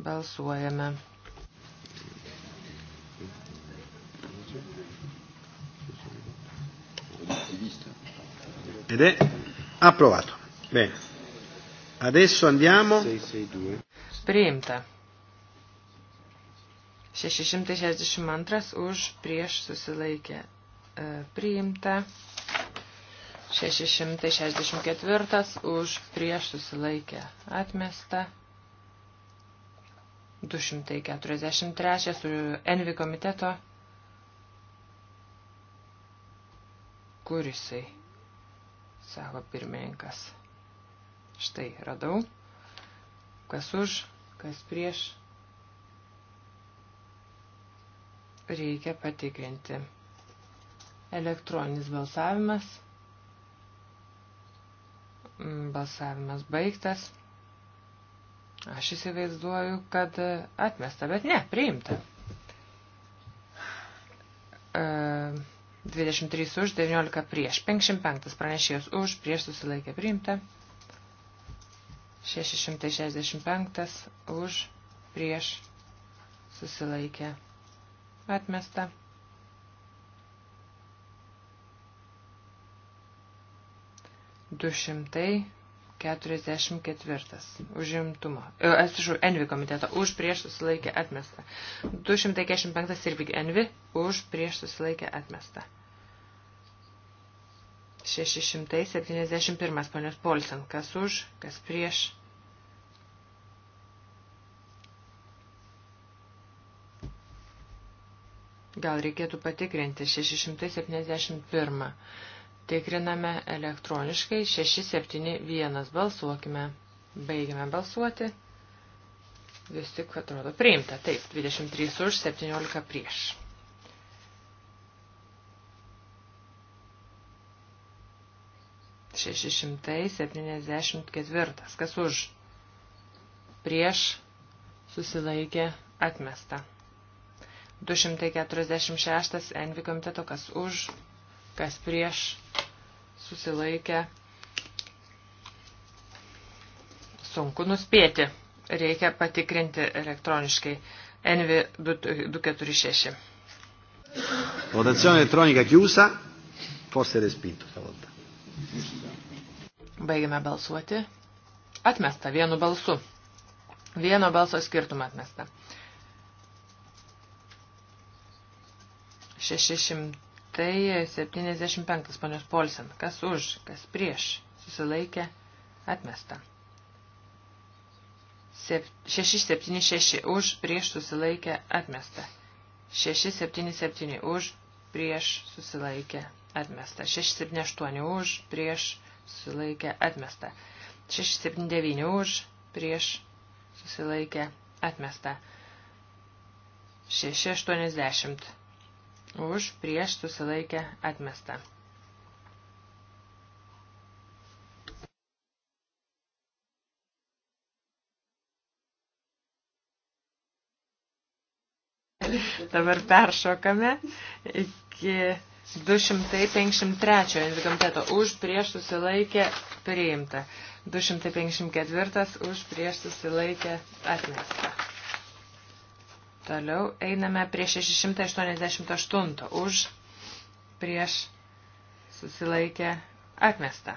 Balsuojame. Ed è approvato. Bene. Adesso andiamo. Priimta. 662 už prieš susilaikė e, priimta. 664 už prieš susilaikę atmesta. 243 su Envi komiteto. Kurisai, sako pirmininkas. Štai radau. Kas už, kas prieš reikia patikrinti. Elektroninis balsavimas. Mm, balsavimas baigtas. Aš įsivaizduoju, kad atmesta, bet ne, priimta. 23 e, už, 19 prieš, 55 pranešėjus už, prieš susilaikė priimta, 665 už, prieš susilaikė priimta. Atmesta. Du šimtai keturiasdešimt ketvirtas. Užimtumo. E, Atsižu, Envi komiteto. Už prieš susilaikė atmesta. Du šimtai keturiasdešimt penktas irgi Envi. Už prieš susilaikė atmesta. 671 ponios Polsen, kas už, kas prieš, Gal reikėtų patikrinti 671. Tikriname elektroniškai 671. Balsuokime. Baigime balsuoti. Vis tik atrodo priimta. Taip, 23 už, 17 prieš. Šešišimtai septyniasdešimt ketvirtas. Kas už? Prieš susilaikė atmesta. 246 Envi komiteto, kas už, kas prieš, susilaikė. Sunku nuspėti. Reikia patikrinti elektroniškai. Envi 246. Votazione elettronica chiusa, forse respinto stavolta. Baigime balsuoti. Atmesta vienu balsu. Vieno balso skirtumą atmesta. 675 ponios Polsen. Kas už, kas prieš, susilaikė, atmesta. 676 už, prieš, susilaikė, atmesta. 677 už, prieš, susilaikė, atmesta. 678 už, prieš, susilaikė, atmesta. 679 už, prieš, susilaikė, atmesta. 680 už prieš susilaikę atmestą. Dabar peršokame iki 253 komiteto už prieš susilaikę priimta. 254 už prieš susilaikę atmestą. Toliau einame prie 688 už prieš susilaikę atmestą.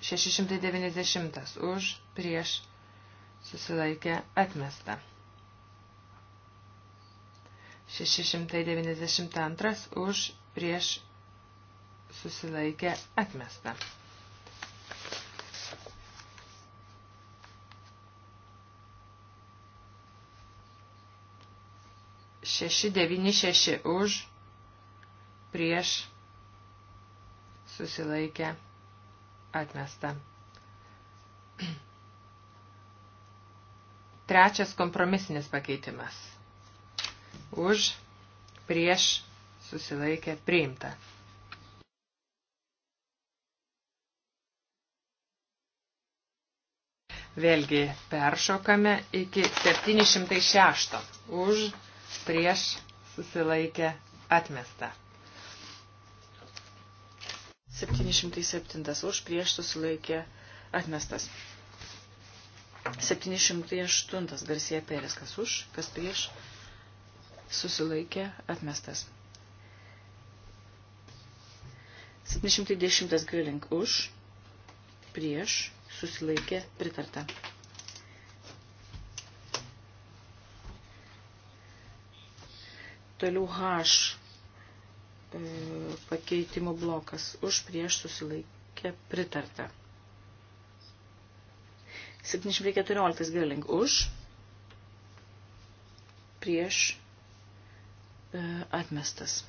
690 už prieš susilaikę atmestą. 692 už prieš susilaikę atmestą. 696 už, prieš, susilaikę, atmesta. Trečias kompromisinis pakeitimas. Už, prieš, susilaikę, priimta. Vėlgi peršokame iki 706. Už prieš susilaikė atmesta. 707 už prieš susilaikė atmestas. 708 Garsija Pėrės, kas už, kas prieš susilaikė atmestas. 710 Grilink už prieš susilaikė pritarta. Toliau H e, pakeitimų blokas už prieš susilaikę pritarta. 714 girling už prieš e, atmestas.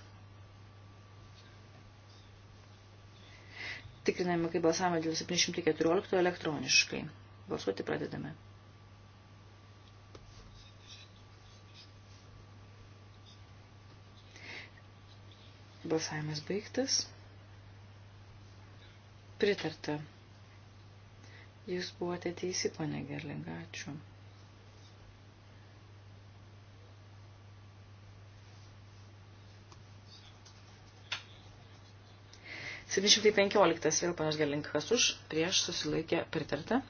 Tikriname, kaip balsavome dėl 714 elektroniškai. Balsuoti pradedame. Balsavimas baigtas. Pritarta. Jūs buvote teisi, ponė Gerlinga, ačiū. Septynišimtai penkioliktas vėl panas Gerlinkas už, prieš susilaikė pritarta.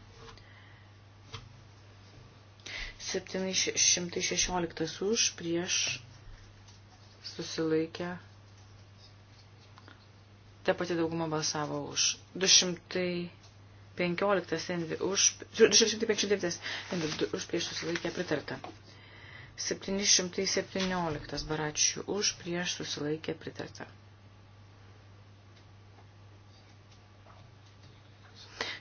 716 už prieš susilaikę ta pati dauguma balsavo už. 215 envi už, 259 envi už prieš susilaikę pritarta. 717 baračių už prieš susilaikę pritarta.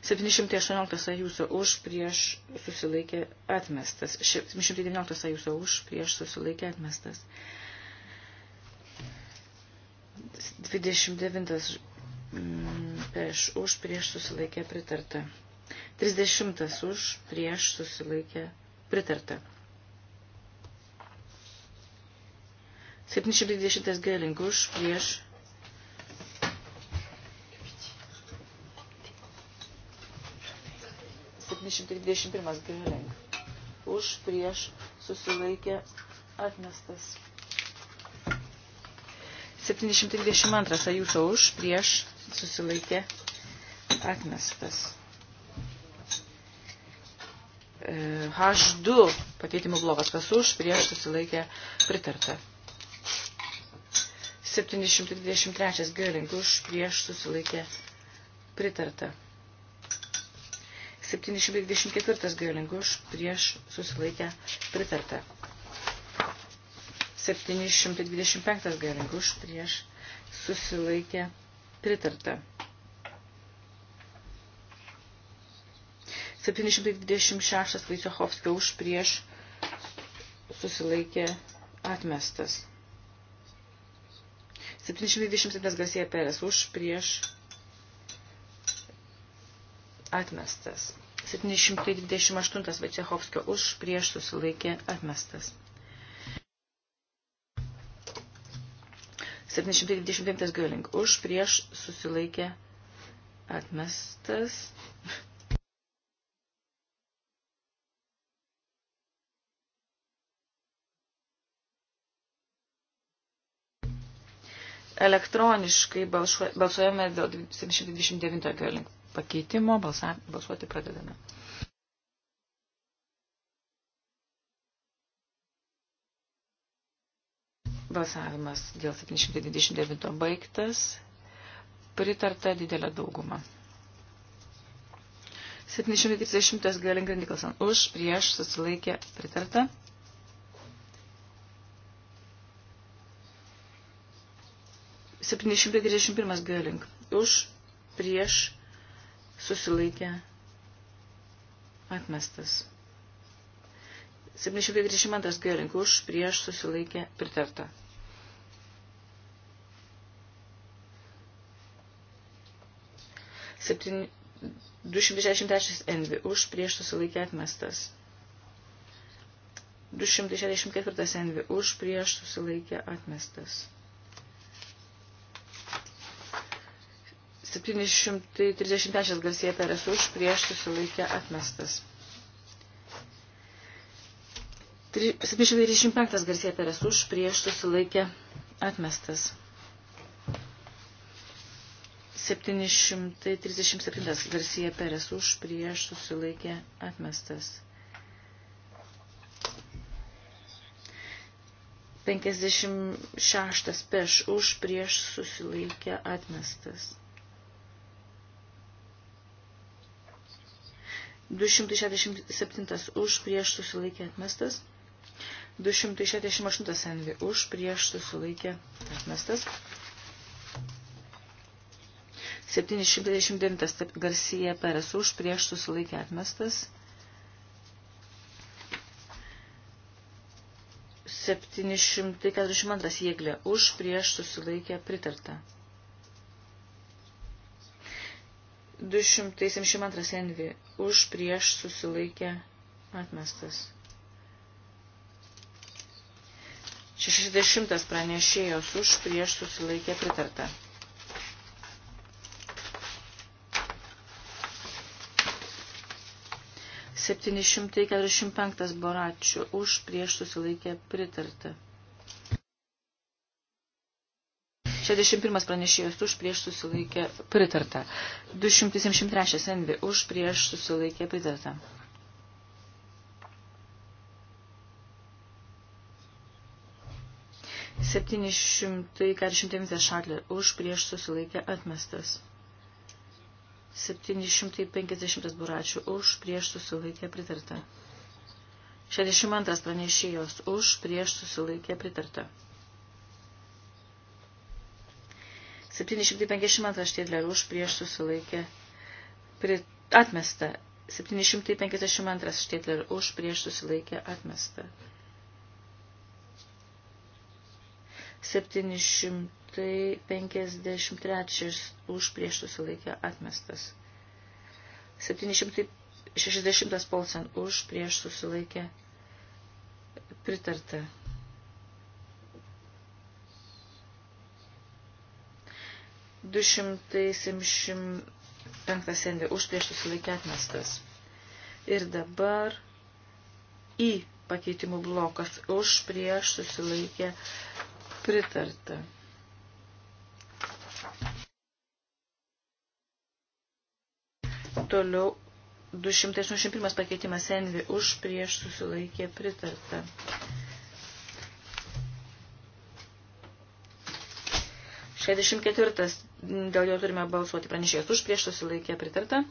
718 ajūso už prieš susilaikė atmestas. 719 ajūso už prieš susilaikė atmestas. 29 prieš už prieš susilaikę pritarta. 30 už prieš susilaikę pritarta. 720 gėlink už prieš. Už prieš susilaikė atmestas. 722 ajuto už, prieš, susilaikė, atmestas. E, H2 pakeitimų blokas, kas už, prieš, susilaikė, pritarta. 723 Göring už, prieš, susilaikė, pritarta. 724 Göring už, prieš, susilaikė, pritarta. 725 galingai už prieš susilaikė pritarta. 726 Vaisiochovskio už prieš susilaikė atmestas. 727 Garcia Perez už prieš atmestas. 728 Vaicechovskio už prieš susilaikė atmestas. 725 Göling. Už prieš susilaikė atmestas. Elektroniškai balsuojame dėl 729 Göling pakeitimo. Balsa, balsuoti pradedame. Balsavimas dėl 729 baigtas. Pritarta didelė dauguma. 730 Galinga Nikolson. Už, prieš, susilaikė, pritarta. Septynišimtai dvidešimt pirmas Galing. Už, prieš, susilaikė, atmestas. 722 Göring už prieš susilaikė pritarta. 7, 263 envi už prieš susilaikė atmestas. 264 envi už prieš susilaikė atmestas. 736 garsija peres už prieš susilaikė atmestas. 735 garsija peres už prieš susilaikė atmestas. 737 Garsija Peres už prieš susilaikė atmestas. 56 Peš už prieš susilaikė atmestas. 267 už prieš susilaikė atmestas. 268 Envi už prieš susilaikė atmestas. 729 Garcija Peres už prieš susilaikė atmestas. 742 jėglė už prieš susilaikė pritarta. 272 envi už prieš susilaikė atmestas. 60 pranešėjos už prieš susilaikė pritarta. 745 boračių už prieš susilaikė pritarta. 61 pranešėjas už prieš susilaikė pritarta. 273 envi už prieš susilaikė pritarta. Septynišimtai karšimtėmis šatlė už prieš susilaikė atmestas. 750 buračių už, prieš susilaikė pritarta. 62 pranešėjos už, prieš susilaikė pritarta. 752 štėdler už, prieš susilaikė prit... atmesta. 752 štėdler už, prieš susilaikė atmesta. 700 153 tai už prieš susilaikę atmestas. 760 polsen už prieš susilaikę pritarta. Du šimtai septyniasdešimt penktas sendė už prieš susilaikę atmestas. Ir dabar į pakeitimų blokas už prieš susilaikę pritarta. Toliau 281 pakeitimas Envi už prieš susilaikė pritarta. Šešiasdešimt ketvirtas, dėl jo turime balsuoti pranešėjas už prieš susilaikė pritarta.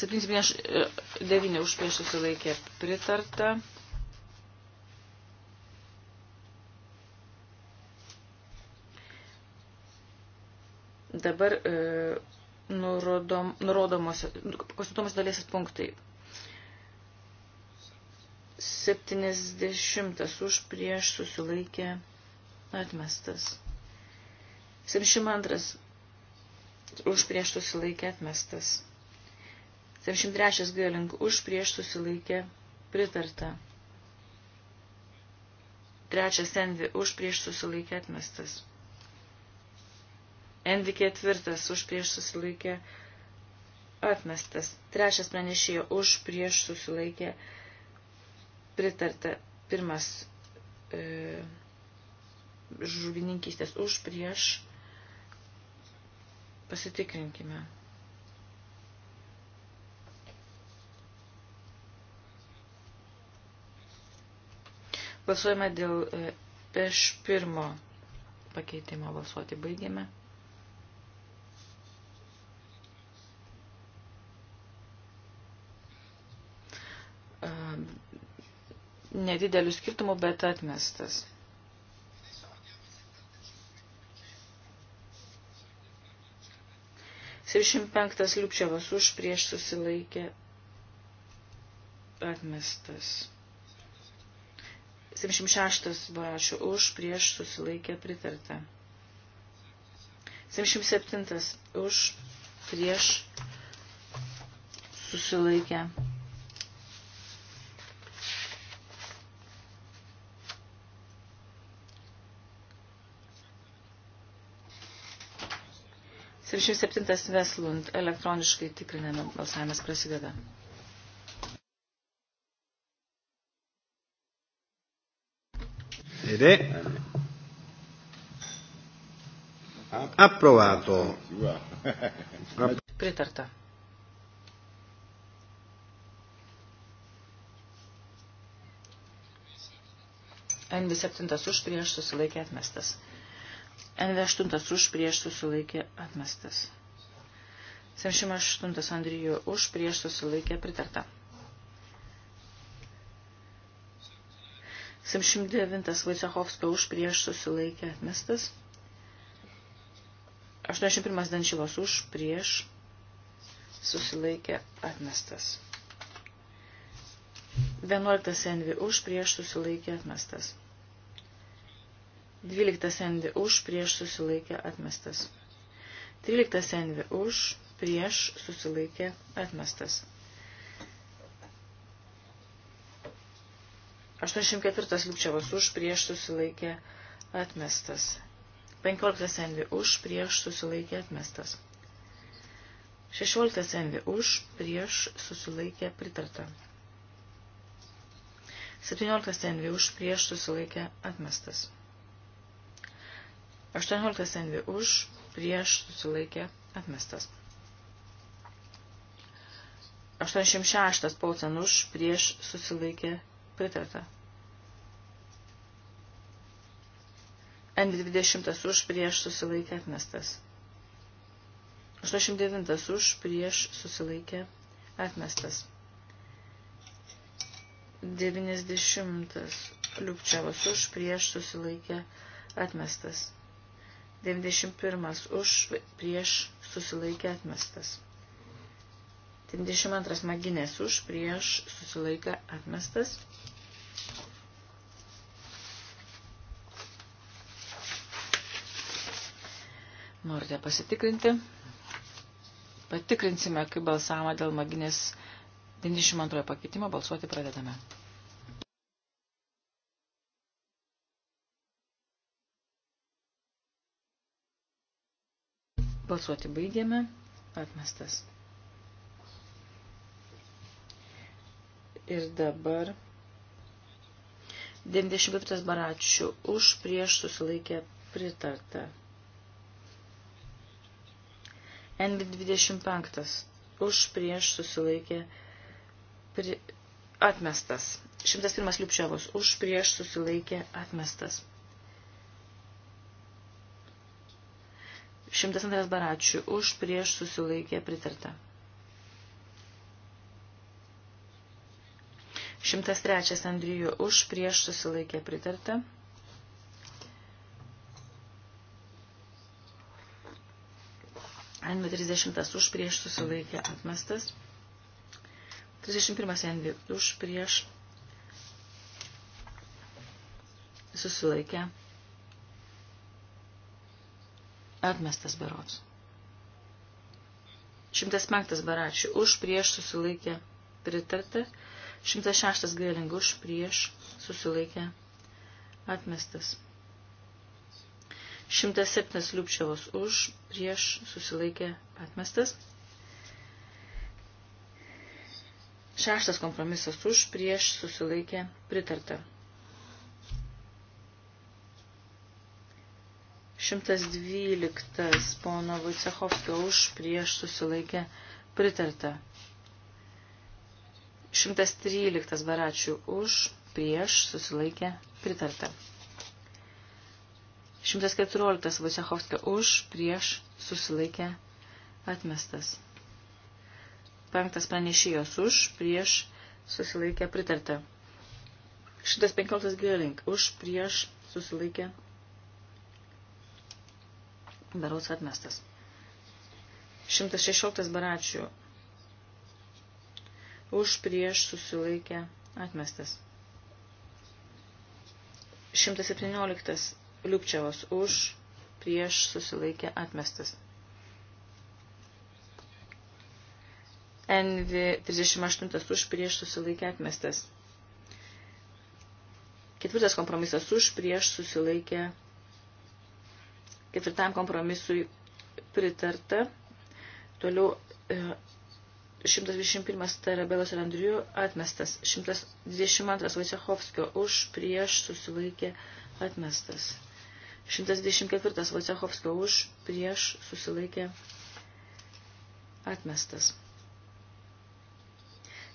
Septynis e, devyni už prieš susilaikė pritarta. Dabar e, nurodom, nurodomos, konstatuomos dalies punktai. 70 už prieš susilaikė atmestas. 72 už prieš susilaikė atmestas. 73 galink už prieš susilaikė pritarta. Trečias envi už prieš susilaikė atmestas. Envi ketvirtas už prieš susilaikė atmestas. Trečias pranešėjo už prieš susilaikė pritarta. Pirmas e, žuvininkystės už prieš pasitikrinkime. Balsuojame dėl peš pirmo pakeitimo balsuoti baigėme. nedidelių skirtumų, bet atmestas. Siršimt penktas Liupčiavas už prieš susilaikė atmestas. 76 Barašių už prieš susilaikė pritarta. 77 už prieš susilaikė pritarta 37 Veslund. Elektroniškai tikriname. Balsavimas prasideda. Ed è approvato. Pritarta. NB7 už prieš susilaikė atmestas. NV8 už prieš susilaikė atmestas. 78 Andrijų už prieš susilaikė pritarta. 709 Vaicehovskio už prieš susilaikė atmestas. 81 Dančilas už prieš susilaikė atmestas. 11 Envi už prieš susilaikė atmestas. 12 envi už, prieš susilaikė atmestas. 13 envi už, prieš susilaikė atmestas. 84 Lipčiavas už, prieš susilaikė atmestas. 15 envi už, prieš susilaikė atmestas. 16 envi už, prieš susilaikė pritarta. 17 envi už, prieš susilaikė atmestas. 18 envi už, prieš susilaikė atmestas. 86 paucen už, prieš susilaikė pritarta. N20 už, prieš susilaikė atmestas. 89 už, prieš susilaikė atmestas. 90 liupčiavas už, prieš susilaikė atmestas. 91 už prieš susilaikę atmestas. 92 maginės už prieš susilaikę atmestas. 92. Norite pasitikrinti? Patikrinsime, kaip balsavimą dėl maginės 92 pakeitimo balsuoti pradedame. Balsuoti baigėme. Atmestas. Ir dabar 94 baračių už prieš susilaikė pritarta. NB25 už prieš susilaikė pri... atmestas. 101 liupčiavos už prieš susilaikė atmestas. 102 baračių už prieš susilaikė pritarta. 103 Andrijų už prieš susilaikė pritarta. 30 už prieš susilaikė atmestas. 31 Envi už prieš susilaikė atmestas. Atmestas berots. 105 baračių už prieš susilaikė pritarta. 106 gailing už prieš susilaikė atmestas. 107 liupčiavos už prieš susilaikė atmestas. Šeštas kompromisas už prieš susilaikė pritarta. 112 pono Vaicehovskio už prieš susilaikė pritarta. 113 baračių už prieš susilaikė pritarta. 114 Vaicehovskio už prieš susilaikė atmestas. 5 pranešėjos už prieš susilaikė pritarta. 115 gėlink už prieš susilaikė pritarta. Beraus atmestas. 116 baračių. Už prieš susilaikę atmestas. 117 liupčiavas už prieš susilaikę atmestas. NV 38 už prieš susilaikė atmestas. Ketvirtas kompromisas už prieš susilaikė Ketvirtam kompromisui pritarta. Toliau 121 e, Tarabelos ir Andriu atmestas. 122 Vaisehovskio už prieš susilaikė atmestas. 124 Vaisehovskio už prieš susilaikė atmestas.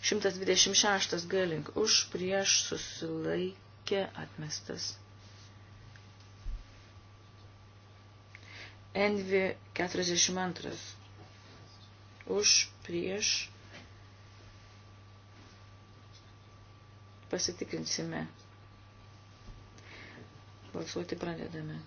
126 Galing už prieš susilaikė atmestas. Envi 42. Už, prieš. Pasitikrinsime. Balsuoti pradedame.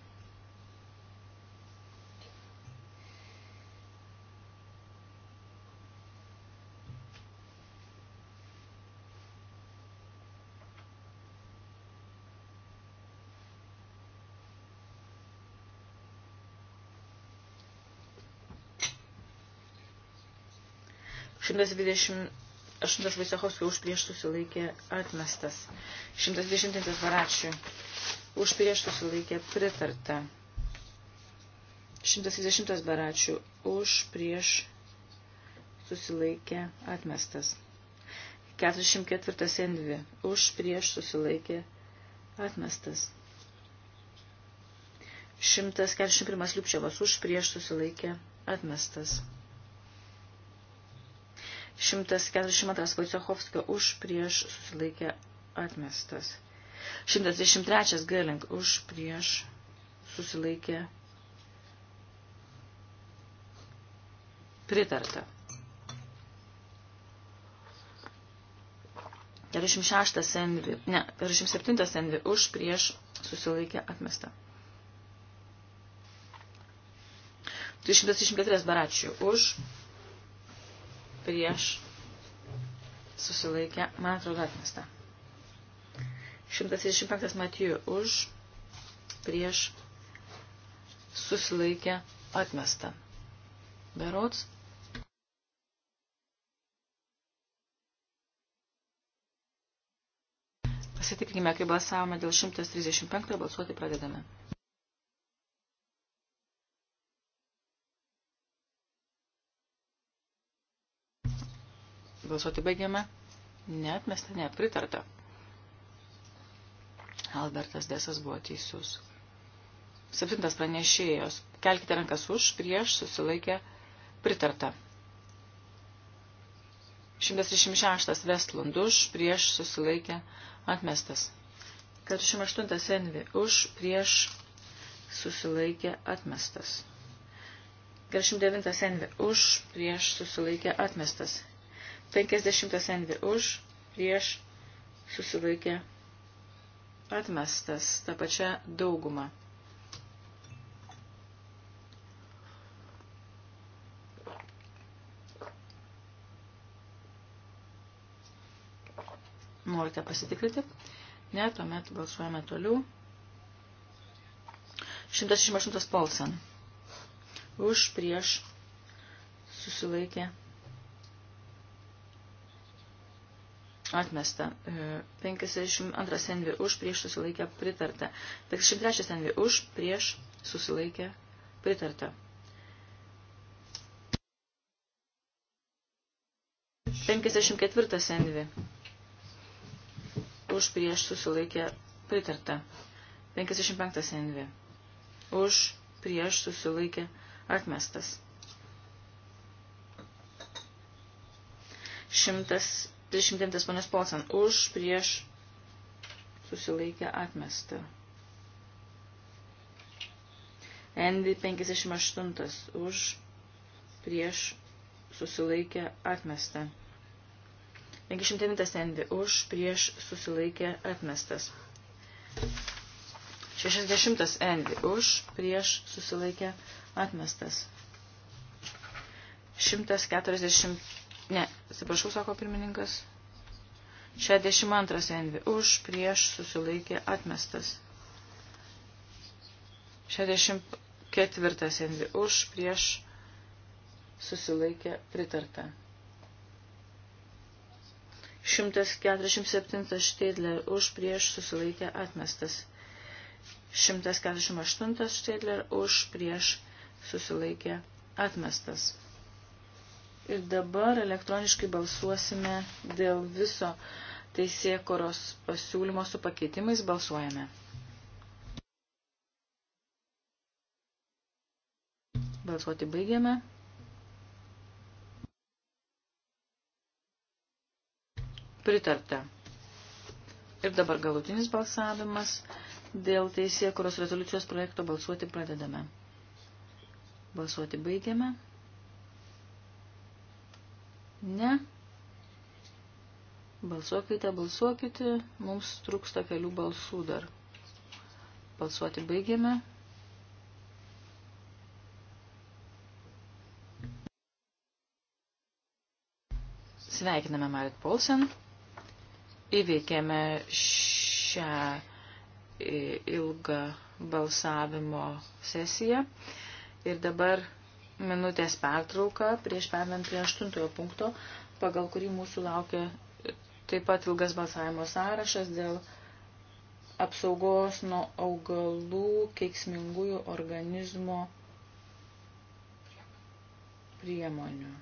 128 Vaisehovskio už prieš susilaikė atmestas. 120 Varačių už prieš susilaikė pritarta. 120 Varačių už prieš susilaikė atmestas. 44 Envi už prieš susilaikė atmestas. 141 Liupčiavas už prieš susilaikė atmestas. 142 Vojcechovskio už prieš susilaikė atmestas. 123 Gerling už prieš susilaikė pritarta. 46 Envi, ne, 47 Envi už prieš susilaikė atmesta. 224 Baračių už prieš susilaikę, man atrodo, atmesta. 135 Matijų už prieš susilaikę atmesta. Berods. Pasitikrinkime, kai balsavome dėl 135, balsuoti pradedame. Balsuoti baigiame. Neatmesta, nepritarta. Albertas Desas buvo teisus. Septintas pranešėjos. Kelkite rankas už, prieš, susilaikė, pritarta. 136 Vestlund už, prieš, susilaikė, atmestas. 48 Envi už, prieš, susilaikė, atmestas. 49 Envi už, prieš, susilaikė, atmestas. 50 envi už, prieš, susilaikė, atmestas tą pačią daugumą. Norite pasitikrinti? Ne, tuomet balsuojame toliau. 168 polsen. Už, prieš, susilaikė, atmestas Atmesta. 52 e, envi už prieš susilaikę pritarta. 53 envi už prieš susilaikę pritarta. 54 envi už prieš susilaikę pritarta. 55 envi už prieš susilaikę atmestas. 100 39 ponios Polson už prieš susilaikę atmestą. Envy 58 už prieš susilaikę atmestą. 509 Envy už prieš susilaikę atmestas. 60 Envy už prieš susilaikę atmestas. 140 ne, Atsiprašau, sako pirmininkas. 62 envi. Už, prieš, susilaikė, atmestas. 64 envi. Už, prieš, susilaikė, pritarta. 147 Štėdler už prieš susilaikė atmestas. 148 Štėdler už prieš susilaikė atmestas. Ir dabar elektroniškai balsuosime dėl viso teisėkoros pasiūlymo su pakeitimais. Balsuojame. Balsuoti baigiame. Pritarta. Ir dabar galutinis balsavimas. Dėl teisėkuros rezoliucijos projekto balsuoti pradedame. Balsuoti baigiame. Ne. Balsuokite, balsuokite, mums trūksta kelių balsų dar. Balsuoti baigėme. Sveikiname Marit Polsen. Įveikėme šią ilgą balsavimo sesiją. Ir dabar minutės pertrauką prieš perdant prie aštuntojo punkto, pagal kurį mūsų laukia taip pat ilgas balsavimo sąrašas dėl apsaugos nuo augalų keiksmingųjų organizmo priemonių.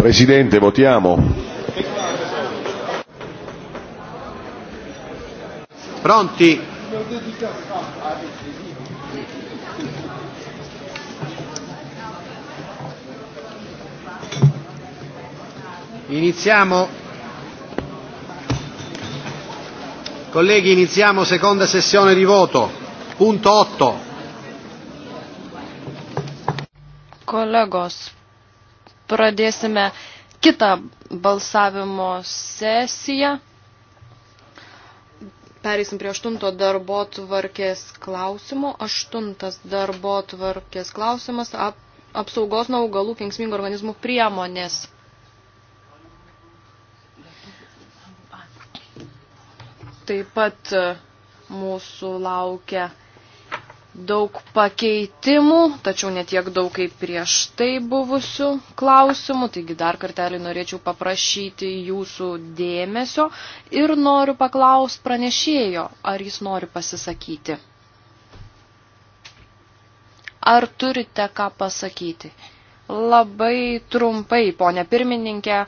Presidente, votiamo. Pronti? Iniziamo. Colleghi, iniziamo seconda sessione di voto. Punto 8. Kolegos, pradėsime kitą balsavimo sesiją. Pereisim prie aštunto darbo tvarkės klausimo. Aštuntas darbo tvarkės klausimas ap, apsaugos nuo augalų kenksmingų organizmų priemonės. Taip pat e, mūsų laukia daug pakeitimų, tačiau netiek daug kaip prieš tai buvusių klausimų, taigi dar kartelį norėčiau paprašyti jūsų dėmesio ir noriu paklaus pranešėjo, ar jis nori pasisakyti. Ar turite ką pasakyti? Labai trumpai, ponė pirmininkė,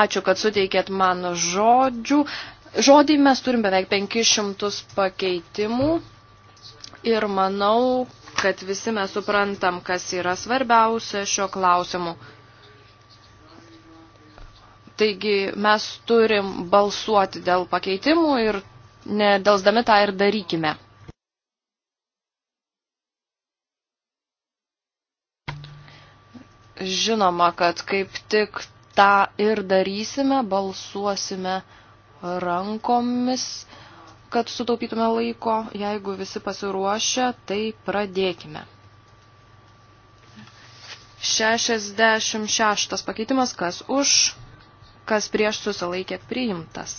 ačiū, kad suteikėt man žodžių. Žodį mes turim beveik 500 pakeitimų ir manau, kad visi mes suprantam, kas yra svarbiausia šio klausimu. Taigi mes turim balsuoti dėl pakeitimų ir nedelsdami tą ir darykime. Žinoma, kad kaip tik tą ir darysime, balsuosime rankomis. Kad sutaupytume laiko, jeigu visi pasiruošę, tai pradėkime. 66 pakeitimas, kas už, kas prieš susilaikė priimtas.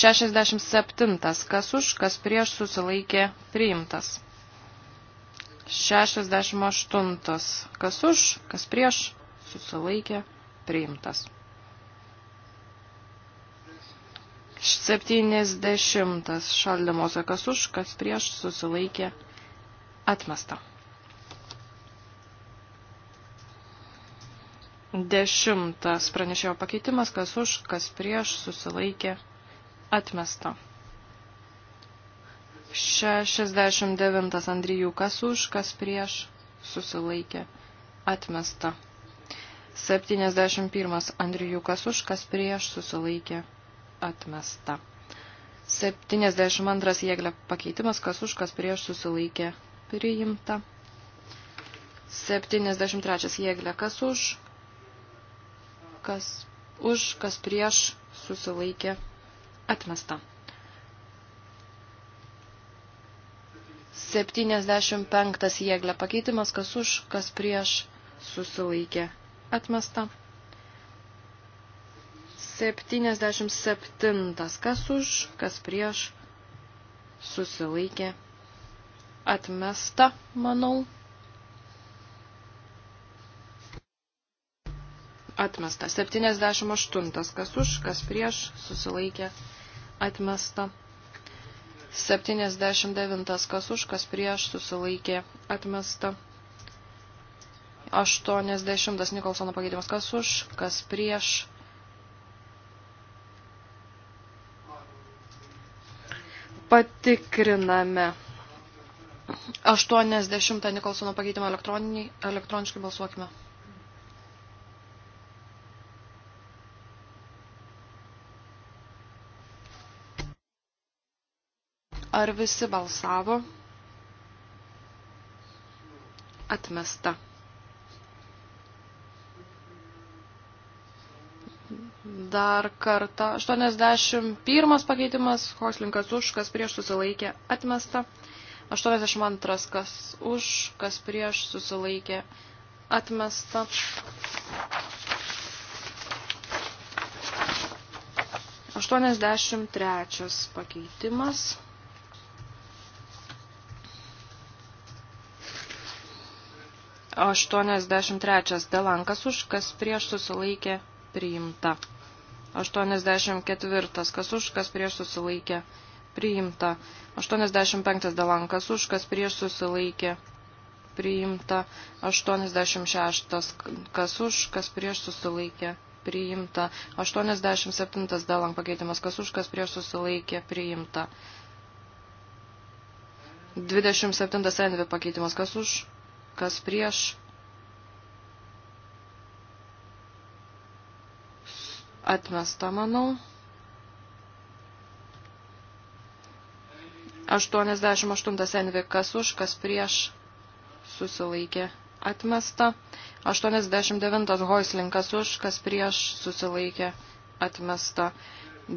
67, kas už, kas prieš susilaikė priimtas. 68, kas už, kas prieš susilaikė priimtas. 70 šaldamos, kas už, kas prieš susilaikė atmesta. Dešimtas pranešėjo pakeitimas, kas už, kas prieš susilaikė atmesta. 69 Andrijų, kas už, kas prieš susilaikė atmesta. 71 Andrijų, kas už, kas prieš susilaikė atmesta atmesta. 72 jėglė pakeitimas, kas už, kas prieš susilaikė priimta. 73 jėglė, kas už, kas už, kas prieš susilaikė atmesta. 75 jėglė pakeitimas, kas už, kas prieš susilaikė atmesta. 77. Kas už, kas prieš, susilaikė, atmesta, manau. Atmesta. 78. Kas už, kas prieš, susilaikė, atmesta. 79. Kas už, kas prieš, susilaikė, atmesta. 80 Nikolsono pagėdimas, kas už, kas prieš, patikriname. 80 Nikolsono pakeitimą elektroniškai balsuokime. Ar visi balsavo? Atmesta. dar kartą. 81 pakeitimas, Hoislinkas už, kas prieš susilaikė, atmesta. 82 kas už, kas prieš susilaikė, atmesta. Aštuoniasdešimt trečias pakeitimas. Aštuoniasdešimt trečias delankas už, kas prieš susilaikė, priimta. 84. Kas už, kas prieš susilaikė. Priimta. 85. Dalan. Kas už, kas prieš susilaikė. Priimta. 86. Kas už, kas prieš susilaikė. Priimta. 87. Dalan. Pakeitimas. Kas už, kas prieš susilaikė. Priimta. 27. Envi pakeitimas. Kas už, kas prieš Atmesta, manau. 88 envi, kas už, kas prieš, susilaikė, atmesta. 89 hoislinkas už, kas prieš, susilaikė, atmesta.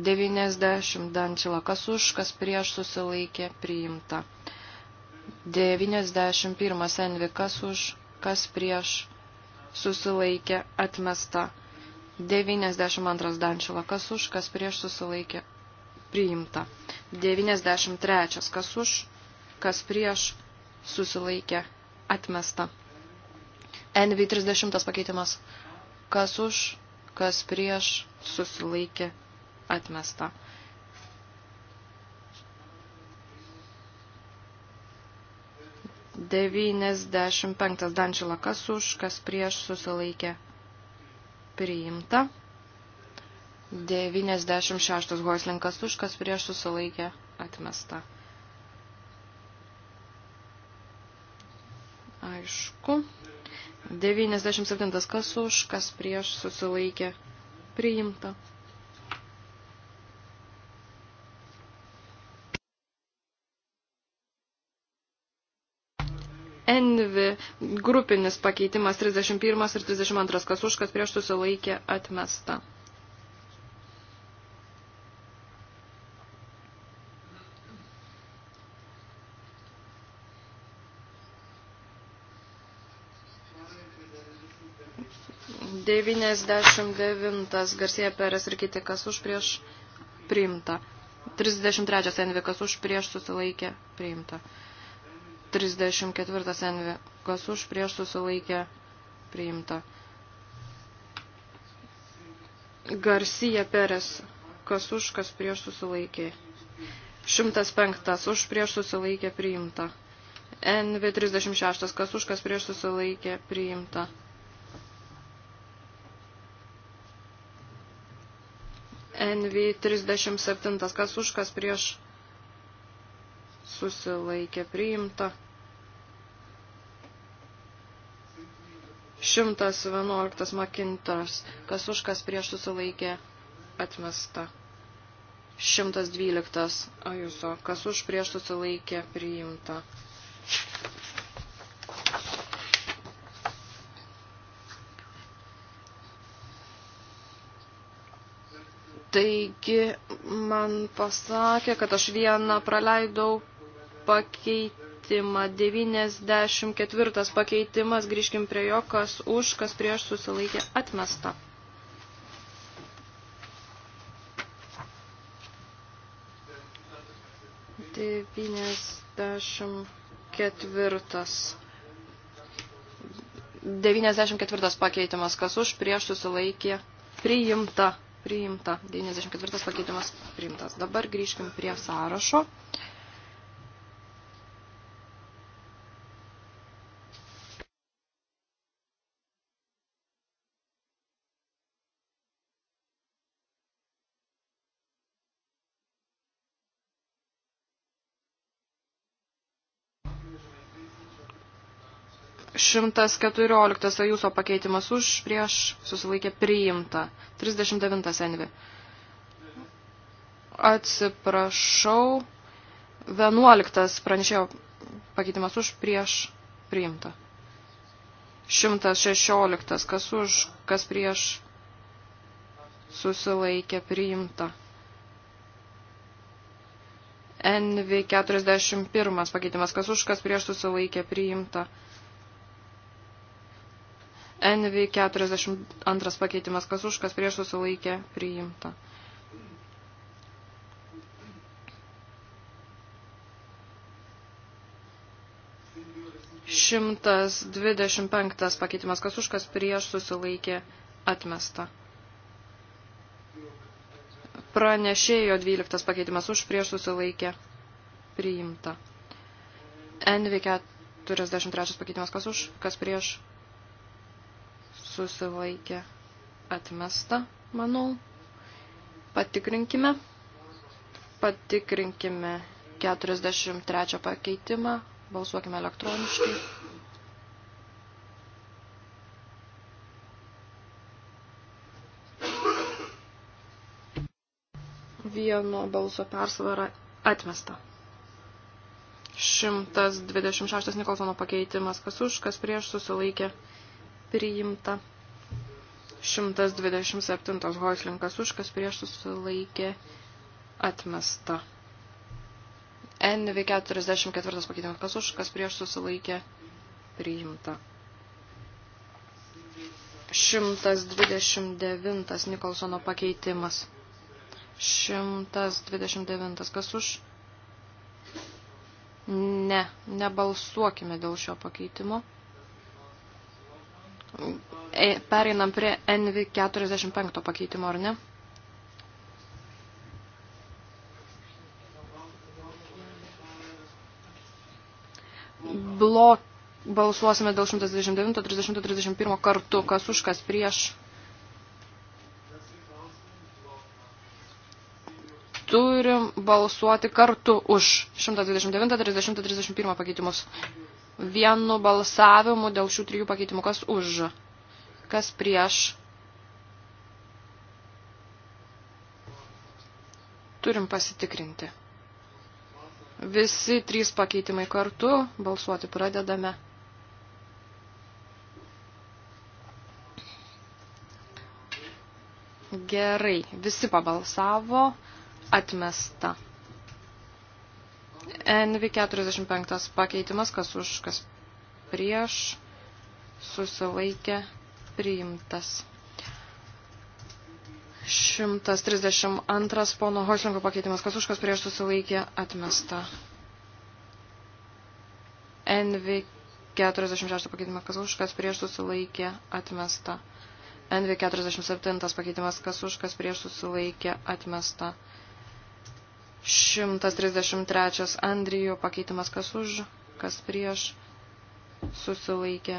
90 dančila, kas už, kas prieš, susilaikė, priimta. 91 envi, kas už, kas prieš, susilaikė, atmesta. 92 Dančila, kas už, kas prieš susilaikė, priimta. 93 kas už, kas prieš susilaikė, atmesta. NV30 pakeitimas, kas už, kas prieš susilaikė, atmesta. Devyniasdešimt penktas dančila kas už, kas prieš susilaikė priimta. 96 Hoislinkas už, kas prieš susilaikė atmesta. Aišku. 97 kas už, kas prieš susilaikė priimta. Envi grupinis pakeitimas 31 ir 32, kas už, kas prieš susilaikė atmesta. Devyniasdešimt devintas Garsija Peres ir kiti, kas už prieš priimta. 33 Envi, kas už prieš susilaikė priimta. 34 envi. Kas už prieš susilaikė priimta. Garcija Peres. Kas už, kas prieš susilaikė. 105. Už prieš susilaikė priimta. NV36. Kas už, kas prieš susilaikė priimta. NV37. Kas už, kas prieš susilaikė priimta. 111 makintas, kas už kas prieš susilaikė atmesta. 112 ajuso, kas už prieš susilaikė priimta. Taigi man pasakė, kad aš vieną praleidau pakeitimą. 94 pakeitimas, grįžkim prie jo, kas už, kas prieš susilaikė atmesta. Devyniasdešimt ketvirtas. 94 pakeitimas, kas už, prieš susilaikė, priimta, priimta, 94 pakeitimas priimtas. Dabar grįžkim prie sąrašo. 114 jūsų pakeitimas už, prieš, susilaikė priimta. 39 envi. Atsiprašau. 11 pranešėjo pakeitimas už, prieš, priimta. 116 kas už, kas prieš, susilaikė priimta. NV41 pakeitimas, kas už, kas prieš susilaikė priimta. NV42 pakeitimas, kas už, kas prieš susilaikė, priimta. Šimtas dvidešimt penktas pakeitimas, kas už, kas prieš susilaikė, atmesta. Pranešėjo dvyliktas pakeitimas už, prieš susilaikė, priimta. NV43 pakeitimas, kas už, kas prieš susilaikė atmesta, manau. Patikrinkime. Patikrinkime 43 pakeitimą. Balsuokime elektroniškai. Vieno balso persvara atmesta. 126 Nikolsono pakeitimas, kas už, kas prieš susilaikė atmesta priimta. 127 Hoislinkas už, kas prieš susilaikė atmesta. NV44 pakeitimas kas už, kas prieš susilaikė priimta. 129 Nikolsono pakeitimas. 129 kas už? Ne, nebalsuokime dėl šio pakeitimo. E, pereinam prie NV45 pakeitimo, ar ne? Blok balsuosime dėl 129, 30, 31 kartu, kas už, kas prieš. Turim balsuoti kartu už 129, 30, 31 pakeitimus vienu balsavimu dėl šių trijų pakeitimų. Kas už? Kas prieš? Turim pasitikrinti. Visi trys pakeitimai kartu. Balsuoti pradedame. Gerai, visi pabalsavo, atmesta. NV45 pakeitimas, kas už, kas prieš, susilaikė, priimtas. 132 pono Hošlinko pakeitimas, kas už, kas prieš, susilaikė, atmesta. NV46 pakeitimas, kas už, kas prieš, susilaikė, atmesta. NV47 pakeitimas, kas už, kas prieš, susilaikė, atmesta. 133 Andrijų pakeitimas kas už, kas prieš, susilaikė,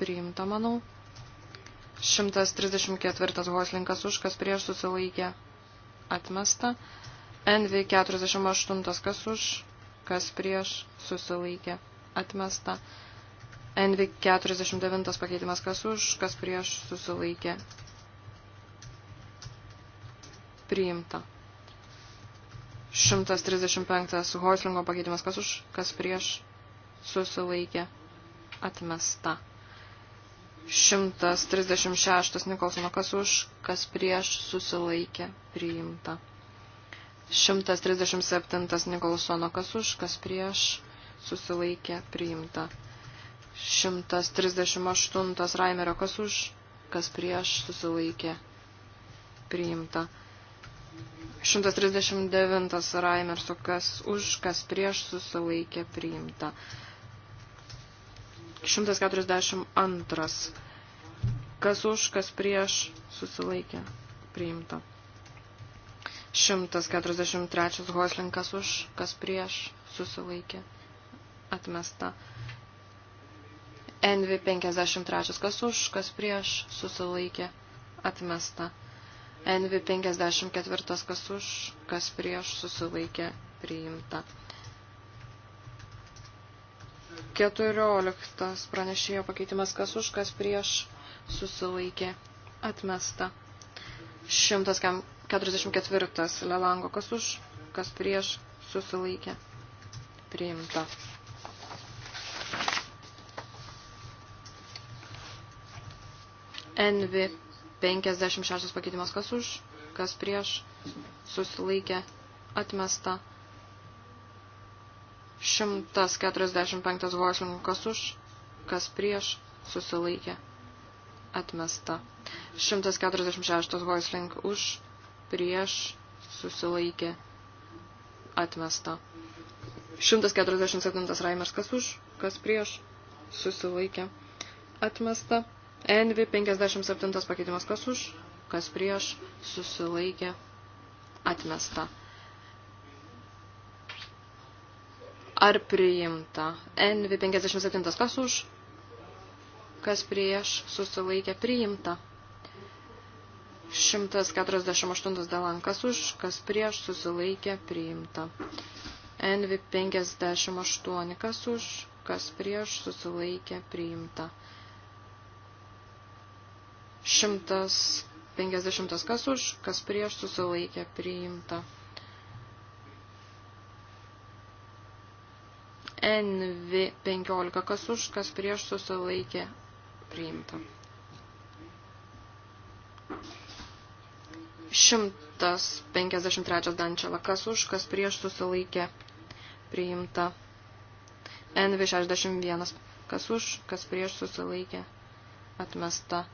priimta, manau. 134 Hoslinkas už, kas prieš, susilaikė, atmesta. Envi 48 kas už, kas prieš, susilaikė, atmesta. Envi 49 pakeitimas kas už, kas prieš, susilaikė, priimta. 135 Hoislingo pakeitimas, kas už, kas prieš susilaikė atmesta. 136 Nikolsono, kas už, kas prieš susilaikė priimta. 137 Nikolsono, kas už, kas prieš susilaikė priimta. 138 Raimerio, kas už, kas prieš susilaikė priimta. 139 Raimerso, kas už, kas prieš susilaikė priimta. 142. Kas už, kas prieš susilaikė priimta. 143. Hoslinkas už, kas prieš susilaikė atmesta. NV53. Kas už, kas prieš susilaikė atmesta. NV54 kas už, kas prieš susilaikė priimta. 14 pranešėjo pakeitimas kas už, kas prieš susilaikė atmesta. 144 Lelango kas už, kas prieš susilaikė priimta. NV 56 pakeitimas kas už, kas prieš, susilaikė, atmesta. 145 vošlininkų kas už, kas prieš, susilaikė, atmesta. 146 voislink už, prieš, susilaikė, atmesta. 147 Raimers kas už, kas prieš, susilaikė, atmesta. Envi 57 pakeitimas kas už, kas prieš, susilaikė, atmesta. Ar priimta? Envi 57 kas už, kas prieš, susilaikė, priimta. 148 dalankas už, kas prieš, susilaikė, priimta. Envi 58 kas už, kas prieš, susilaikė, priimta. 150 kas už, kas prieš susilaikė priimta. NV 15 kas už, kas prieš susilaikė priimta. 153 Dančela kas už, kas prieš susilaikė priimta. NV 61 kas už, kas prieš susilaikė atmesta.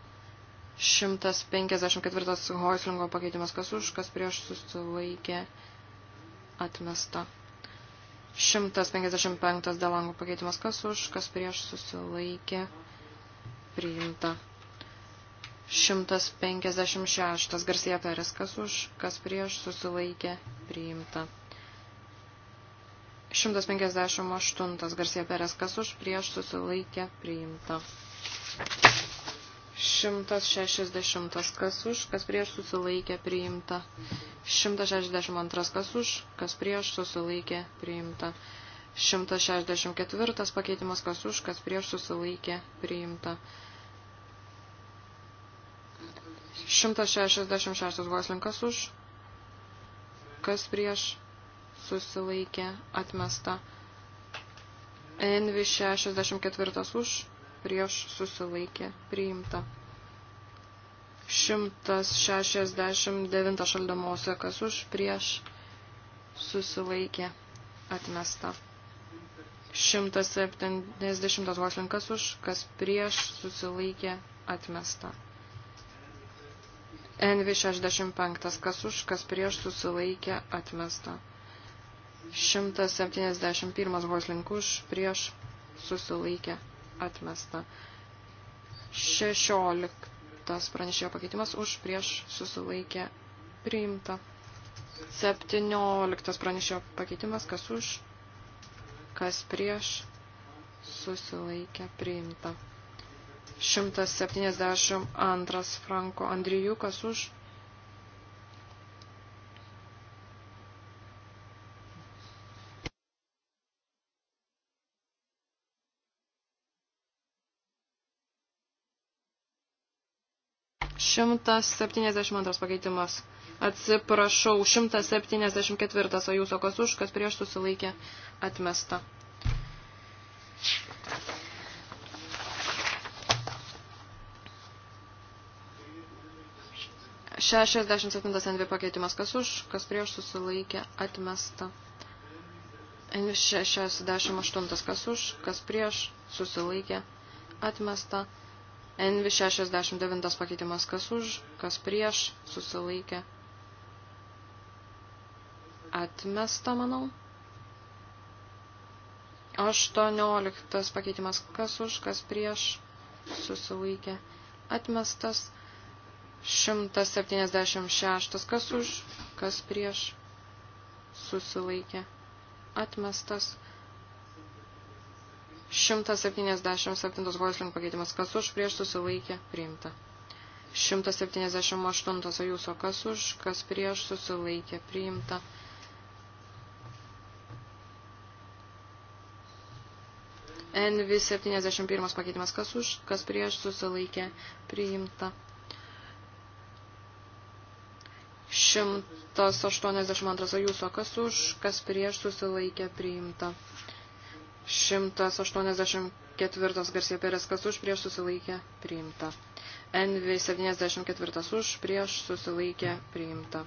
154 Hoislingo pakeitimas kas už, kas prieš susilaikė atmesta. 155 Delango pakeitimas kas už, kas prieš susilaikė priimta. 156 Garcia Perez kas už, kas prieš susilaikė priimta. 158 Garcia Perez kas už, prieš susilaikė priimta. 160 kas už, kas prieš susilaikė priimta. 162 kas už, kas prieš susilaikė priimta. 164 pakeitimas kas už, kas prieš susilaikė priimta. 166 voslinkas už, kas prieš susilaikė atmesta. Envi 64 už prieš susilaikė priimta. 169 šaldomose, kas už prieš susilaikė atmesta. 170 voslinkas už, kas prieš susilaikė atmesta. NV65, kas už, kas prieš susilaikė atmesta. 171 voslinkus prieš susilaikė atmesta. 16 pranešėjo pakeitimas už prieš susilaikė priimta. 17 pranešėjo pakeitimas kas už, kas prieš susilaikė priimta. 172 Franko Andrijukas už 172 pakeitimas. Atsiprašau, 174, o jūsų kas už, kas prieš susilaikė atmesta. Šešiasdešimt septintas NV pakeitimas, kas už, kas prieš susilaikė atmesta. 68 kas už, kas prieš, susilaikė, atmesta. Envi 69 pakeitimas kas už, kas prieš, susilaikė. Atmesta, manau. 18 pakeitimas kas už, kas prieš, susilaikė. Atmestas. 176 kas už, kas prieš, susilaikė. Atmestas. 177 Goisling pakeitimas. Kas už prieš susilaikė priimta. 178 Ajuso. Kas už, kas prieš susilaikė priimta. 71 pakeitimas, kas už, kas prieš susilaikė, priimta. 182 jūsų, kas už, kas prieš susilaikė, priimta. 184 Garcia Perez kas už prieš susilaikė priimta. NV 74 už prieš susilaikė priimta.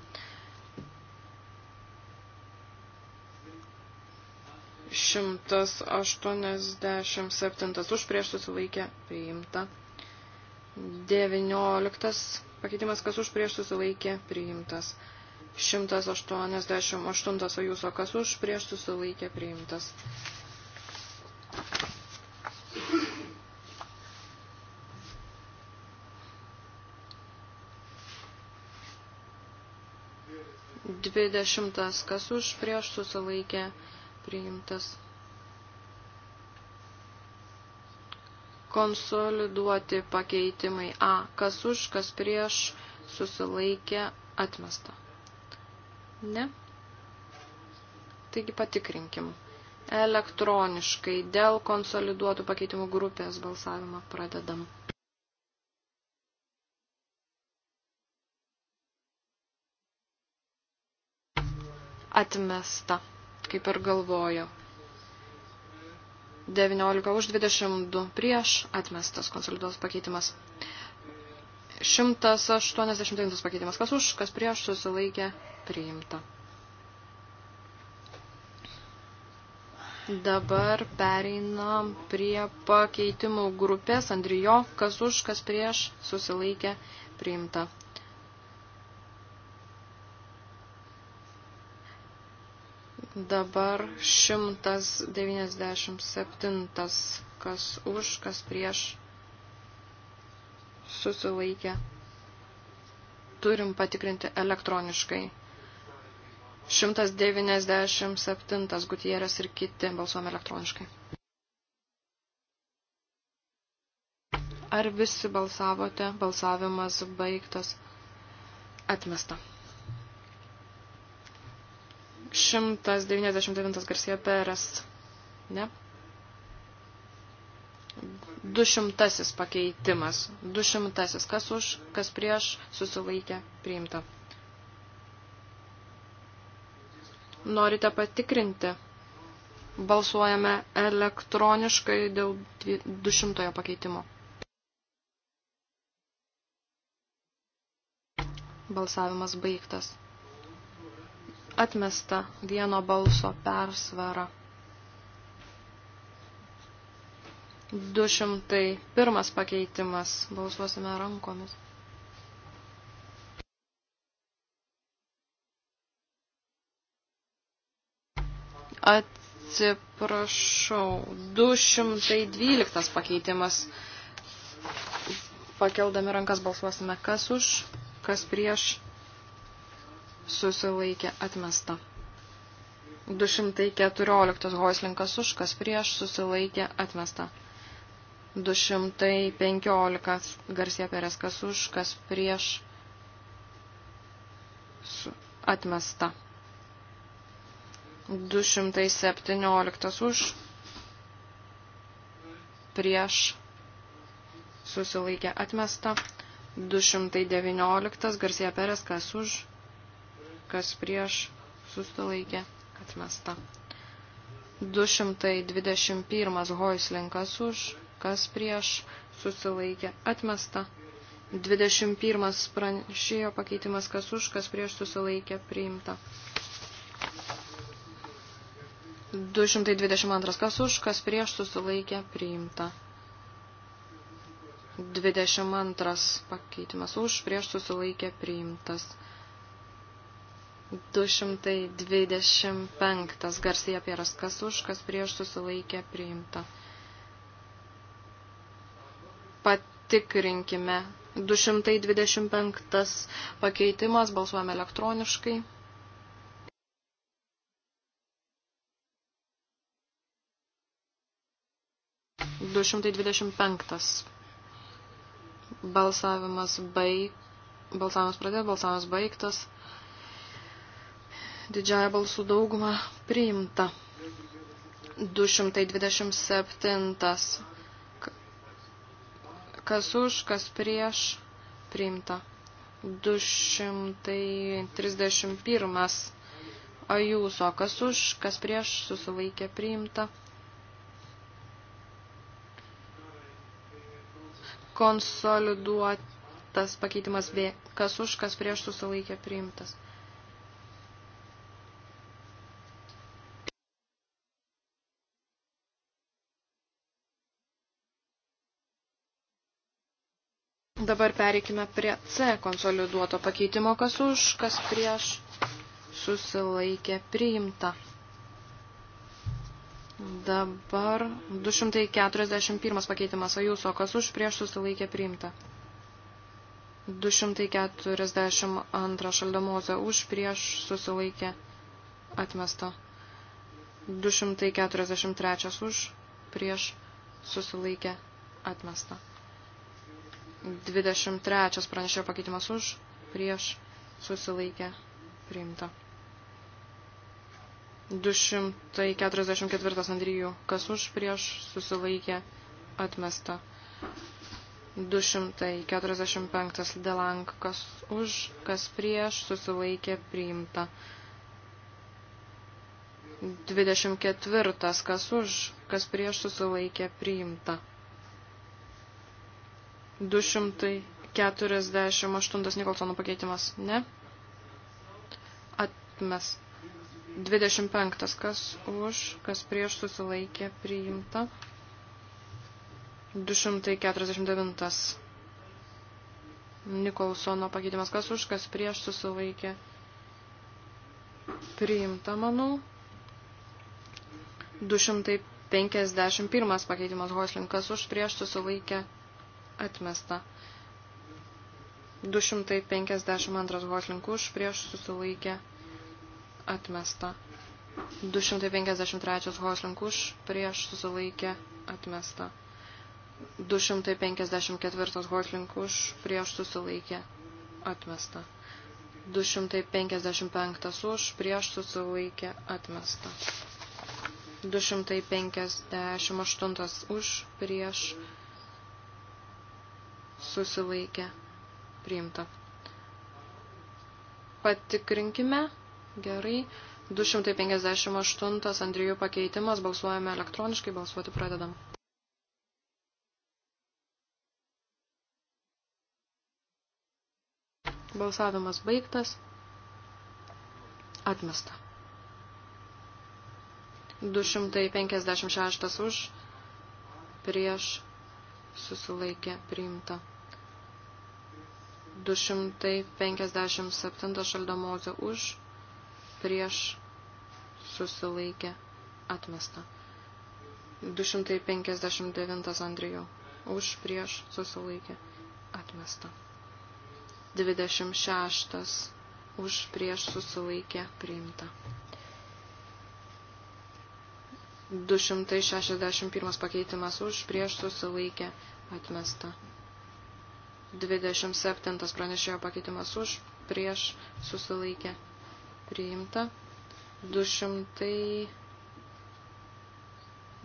Šimtas aštuoniasdešimt septintas už prieš susilaikė priimta. Devinioliktas pakeitimas kas už prieš susilaikė priimtas. 188 o jūsų kas už prieš susilaikė priimtas. 20. Kas už prieš susilaikė priimtas. Konsoliduoti pakeitimai A. Kas už, kas prieš susilaikė atmesta. Ne? Taigi patikrinkim. Elektroniškai dėl konsoliduotų pakeitimų grupės balsavimą pradedam. Atmesta, kaip ir galvojau. 19 už 22 prieš atmestas konsoliduos pakeitimas. 189 pakeitimas. Kas už, kas prieš susilaikė priimta. Dabar pereinam prie pakeitimų grupės Andrijo, kas už, kas prieš susilaikė priimta. Dabar 197. Kas už, kas prieš susilaikė. Turim patikrinti elektroniškai. 197 Gutierės ir kiti balsuom elektroniškai. Ar visi balsavote? Balsavimas baigtas. Atmesta. 199 Garcia Peres. Ne? 200 pakeitimas. 200. Kas už, kas prieš, susilaikė, priimta. Norite patikrinti? Balsuojame elektroniškai dėl 200 pakeitimo. Balsavimas baigtas atmesta vieno balso persvara. 201 pakeitimas. Balsuosime rankomis. Atsiprašau. 212 pakeitimas. Pakeldami rankas balsuosime kas už, kas prieš susilaikė atmesta. 214 hoislinkas už, kas prieš susilaikė atmesta. 215 garsie perės kas už, kas prieš atmesta. 217 už prieš susilaikė atmesta. 219 garsie perės kas už kas prieš susilaikė atmesta. 221 hoislinkas už, kas prieš susilaikė atmesta. 21 pranešėjo pakeitimas kas už, kas prieš susilaikė priimta. 222 kas už, kas prieš susilaikė priimta. 22 pakeitimas už, prieš susilaikė priimtas. 225 garsija pieras kas už, kas prieš susilaikė priimta. Patikrinkime. 225 pakeitimas, balsuojame elektroniškai. Du šimtai dvidešimt penktas. Balsavimas baig... Balsavimas pradėtas, balsavimas baigtas didžiaja balsų dauguma priimta. 227. Kas už, kas prieš priimta. 231. Ajūso, kas už, kas prieš susilaikė priimta. Konsoliduotas pakeitimas B. Kas už, kas prieš susilaikė priimtas. Dabar pereikime prie C konsoliduoto pakeitimo, kas už, kas prieš susilaikė priimta. Dabar 241 pakeitimas Ajuso, kas už prieš susilaikė priimta. 242 šaldamozė už prieš susilaikė atmesta. 243 už prieš susilaikė atmesta. 23 pranešėjo pakeitimas už, prieš, susilaikė, priimta. 244 Andrijų, kas už, prieš, susilaikė, atmesta. 245 Delank, kas už, kas prieš, susilaikė, priimta. 24 kas už, kas prieš, susilaikė, priimta. 248 Nikolsono pakeitimas. Ne. Atmes. 25. Kas už, kas prieš susilaikė priimta. 249. Nikolsono pakeitimas. Kas už, kas prieš susilaikė priimta, manau. 251 pakeitimas Hoislinkas už prieš susilaikė priimta atmesta. 252 Hotlink už prieš susilaikė atmesta. 253 Hotlink už prieš susilaikė atmesta. 254 Hotlink už prieš susilaikė atmesta. 255 už prieš susilaikė atmesta. 258 už prieš susilaikė priimta. Patikrinkime. Gerai. 258 Andrijų pakeitimas. Balsuojame elektroniškai. Balsuoti pradedam. Balsavimas baigtas. Atmesta. 256 už prieš susilaikė priimta. 257 šaldomozio už, prieš susilaikė atmesta. 259 Andrijų už, prieš susilaikė atmesta. 26 už, prieš susilaikė priimta. 261 pakeitimas už, prieš susilaikė atmesta. 27 pranešėjo pakeitimas už, prieš susilaikė priimta. 200.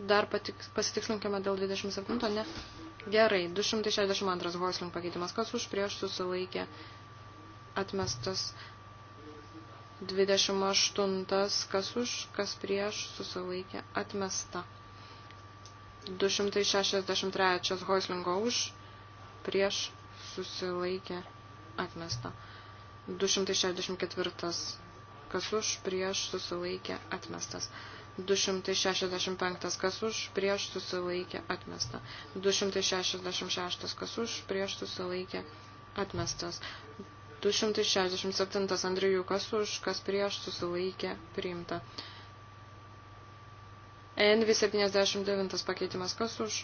Dar patik, pasitikslinkime dėl 27, ne? Gerai, 262 Hoisling pakeitimas, kas už, prieš susilaikė atmestas. 28, kas už, kas prieš susilaikė atmesta. 263 Hoislingo už, prieš susilaikė atmesta. 264. Kas už prieš susilaikė atmestas. 265 kas už, prieš susilaikė, atmesta. 266 kas už, prieš susilaikė, atmestas. 267 Andrijų kas už, kas prieš susilaikė, priimta. NV79 pakeitimas kas už,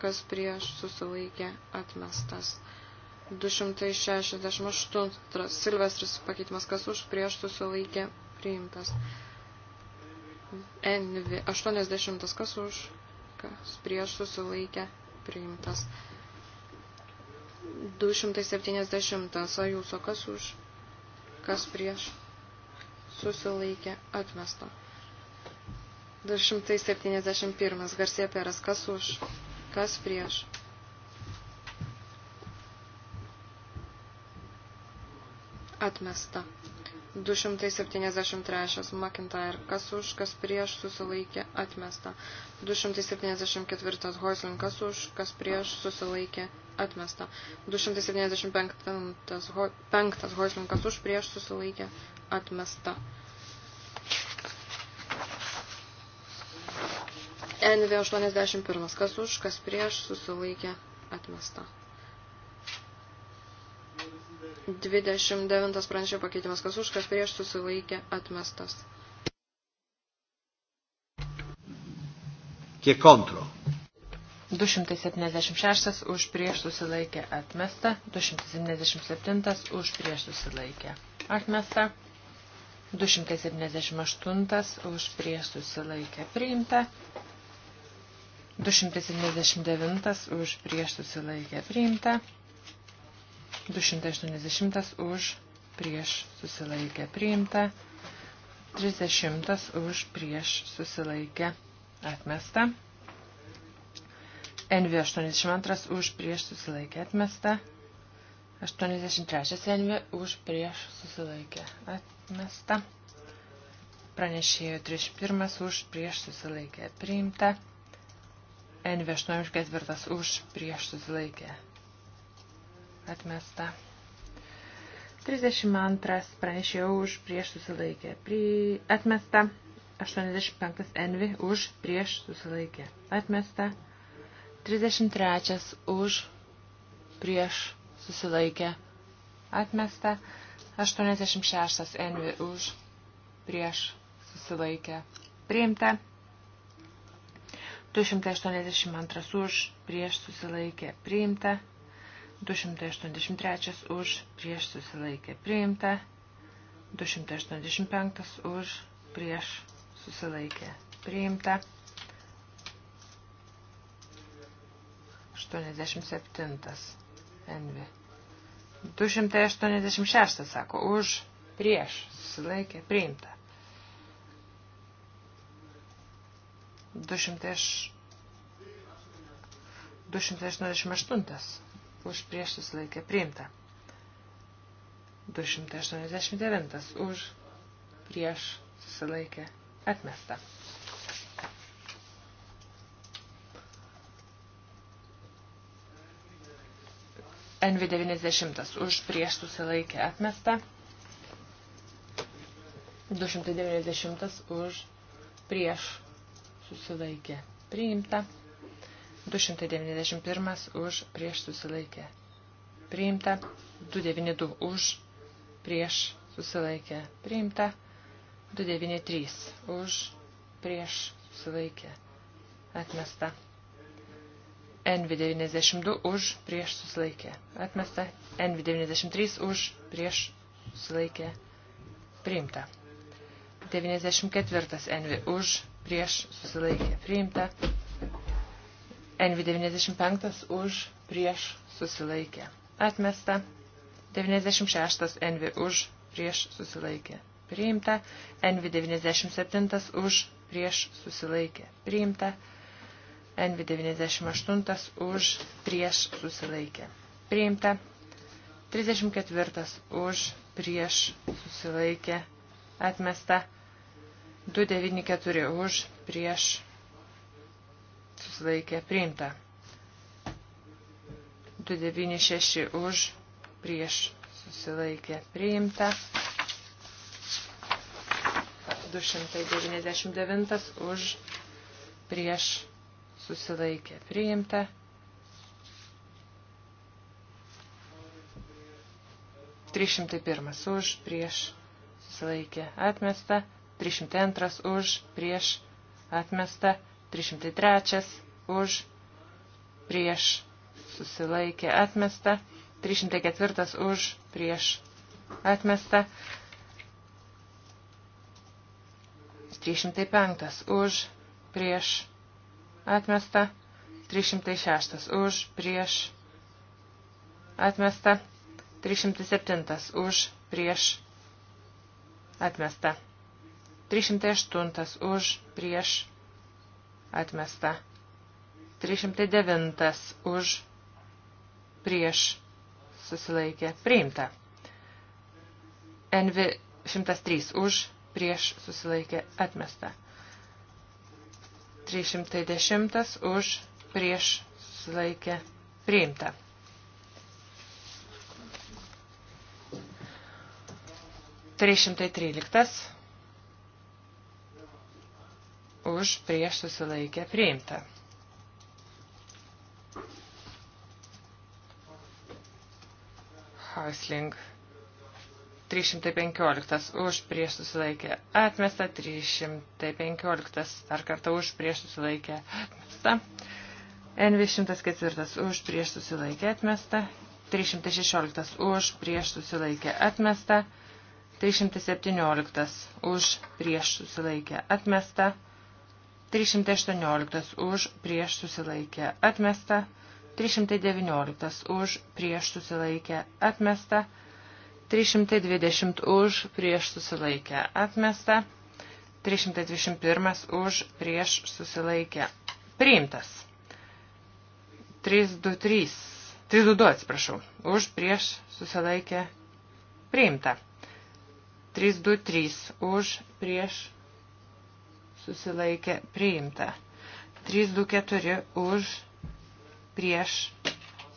kas prieš susilaikė atmestas. 268 Silvestris pakeitimas, kas už prieš susilaikė priimtas. Envi 80 kas už, kas prieš susilaikė priimtas. 270 Ajuso kas už, kas prieš susilaikė atmesto. 271 Garsė Peras kas už, kas prieš. Atmesta. 273 McIntyre, kas už, kas prieš, susilaikė, atmesta. 274 Hoisling, kas už, kas prieš, susilaikė, atmesta. 275 Hoisling, kas už, prieš, susilaikė, atmesta. NV81. Kas už, kas prieš, susilaikė, atmesta. 29 pranešėjo pakeitimas. Kas už, kas prieš, susilaikė, atmestas. Kiek kontro? 276 už prieš susilaikė atmesta, 277 už prieš susilaikė atmesta. 278 už prieš susilaikę priimta, 279 už prieš susilaikę priimta. 280 už prieš susilaikę priimta. 30 už prieš susilaikę atmesta. NV82 už prieš susilaikę atmesta. 83 NV už prieš susilaikę atmesta. Pranešėjo 31 už prieš susilaikę priimta. N84 už prieš susilaikę. Atmesta. 32 pranešė už prieš susilaikę. Pri... Atmesta. 85 Envi už prieš susilaikę. Atmesta. 33 už prieš susilaikę. Atmesta. 86 Envi už prieš susilaikę. Priimta. 282 už, prieš susilaikė priimta. 283 už, prieš susilaikė priimta. 285 už, prieš susilaikė priimta. 87 envi. 286 sako už, prieš susilaikė priimta. 288 už prieš susilaikę priimta. 289 už prieš susilaikę atmesta. NV90 už prieš susilaikę atmesta. 290 už prieš susilaikė priimta. 291 už prieš susilaikė priimta. 292 už prieš susilaikė priimta. 293 už prieš susilaikė atmesta. NV92 už prieš susilaikė. Atmesta. NV93 už prieš susilaikė. Priimta. 94 NV už prieš susilaikė priimta. NV95 už prieš susilaikė atmesta. 96 NV už prieš susilaikė priimta. NV97 už prieš susilaikė priimta. NV98 už prieš susilaikė priimta. 34 už prieš susilaikė atmesta. 294 už prieš susilaikė priimta. 296 už prieš susilaikė priimta. 299 už prieš susilaikė priimta. 301 už prieš susilaikė atmesta. 302 už, prieš, atmesta, 303 už, prieš, susilaikė, atmesta, 304 už, prieš, atmesta, 305 už, prieš, atmesta, 306 už, prieš, atmesta, 307 už, prieš, atmesta. 308 už prieš atmesta. 309 už prieš susilaikė priimta. NV 103 už prieš susilaikė atmesta. 310 už prieš susilaikė priimta. Trys šimtai tryliktas už prieš susilaikę priimta. Hausling. 315 už prieš susilaikę atmesta, 315 dar kartą už prieš susilaikę atmesta, N104 už prieš susilaikę atmesta, 316 už prieš susilaikę atmesta, 317 už prieš susilaikę atmesta, 318 už prieš susilaikę atmesta, 319 už prieš susilaikę atmesta, 320 už prieš susilaikę atmesta, 321 už prieš susilaikę priimtas, 323, 322 atsiprašau, už prieš susilaikę priimta, 323 už prieš susilaikė priimta. 324 už prieš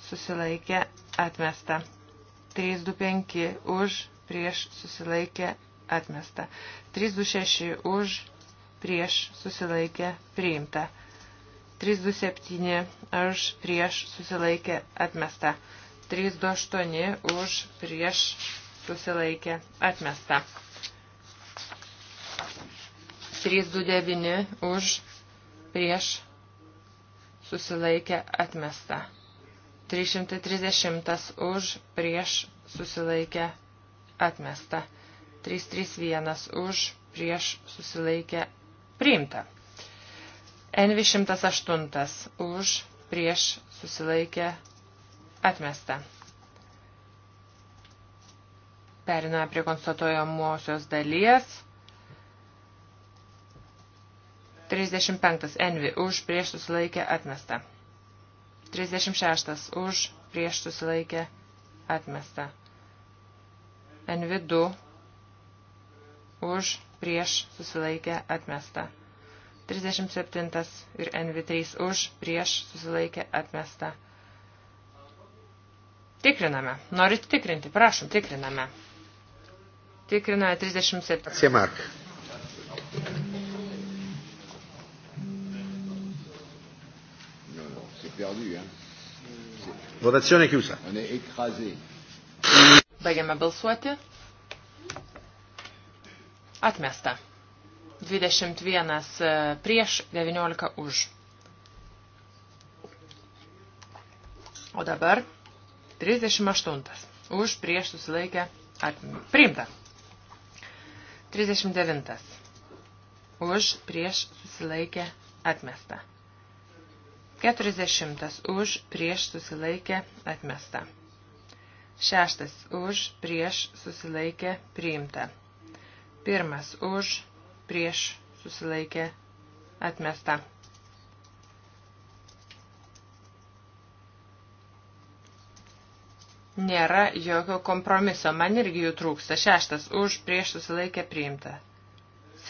susilaikė atmesta. 325 už prieš susilaikė atmesta. 326 už prieš susilaikė priimta. 327 už prieš susilaikė atmesta. 328 už prieš susilaikė atmesta. 329 už prieš susilaikę atmesta. 330 už prieš susilaikę atmesta. 331 už prieš susilaikę priimta. N108 už prieš susilaikę atmesta. Periname prie konstatuojamosios dalies. 35. Envi. Už prieš susilaikę atmesta. 36. Už prieš susilaikę atmesta. Envi 2. Už prieš susilaikę atmesta. 37. Ir Envi 3. Už prieš susilaikę atmesta. Tikriname. Norit tikrinti? Prašom, tikriname. Tikriname 37. Siemark. perdu, hein. Votazione chiusa. On est écrasé. Baigiame balsuoti. Atmesta. 21 e, prieš, 19 už. O dabar 38. Už prieš susilaikę atmimą. Priimta. 39. Už prieš susilaikę atmestą. 40 už prieš susilaikė atmesta. 6 už prieš susilaikė priimta. 1 už prieš susilaikė atmesta. Nėra jokio kompromiso, man irgi jų trūksta. 6 už prieš susilaikė priimta.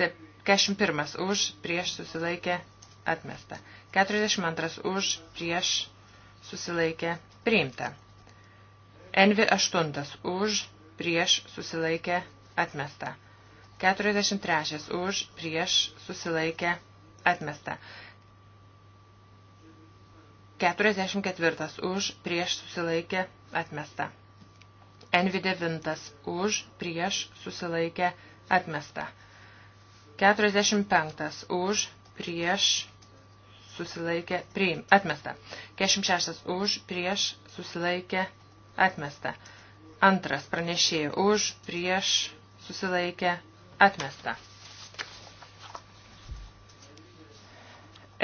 41 už prieš susilaikė atmesta. 42 už prieš susilaikė priimta. Envi 8 už prieš susilaikė atmesta. 43 už prieš susilaikė atmesta. 44 už prieš susilaikė atmesta. NV9 už prieš susilaikė atmesta. 45 už prieš susilaikė priim, atmesta. 46 už, prieš, susilaikė atmesta. Antras pranešėjų už, prieš, susilaikė atmesta.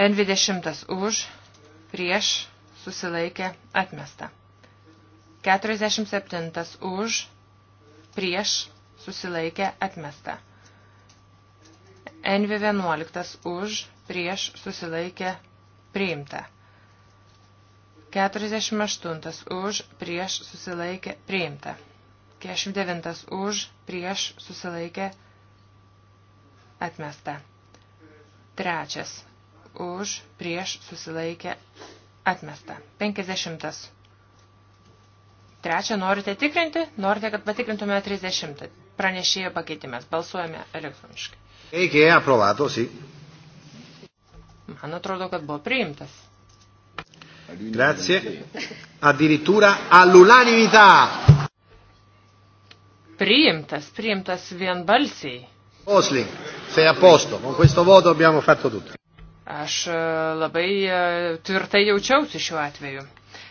N20 už, prieš, susilaikė atmesta. 47 už, prieš, susilaikė atmesta. NV11 už, prieš susilaikė priimta. 48 už, prieš susilaikė priimta. 49 už, prieš susilaikė atmesta. Trečias už, prieš susilaikė atmesta. 50. Trečią norite tikrinti, norite, kad patikrintume 30. Pranešėjo pakeitimas. Balsuojame elektroniškai. E che è approvato, sì. Man atrodo, kad buvo priimtas. Grazie. Addirittura all'unanimità. Priimtas, priimtas vienbalsiai. Osling, sei a posto, con questo voto abbiamo fatto tutto. Aš e, labai e, tvirtai jaučiausi šiuo atveju.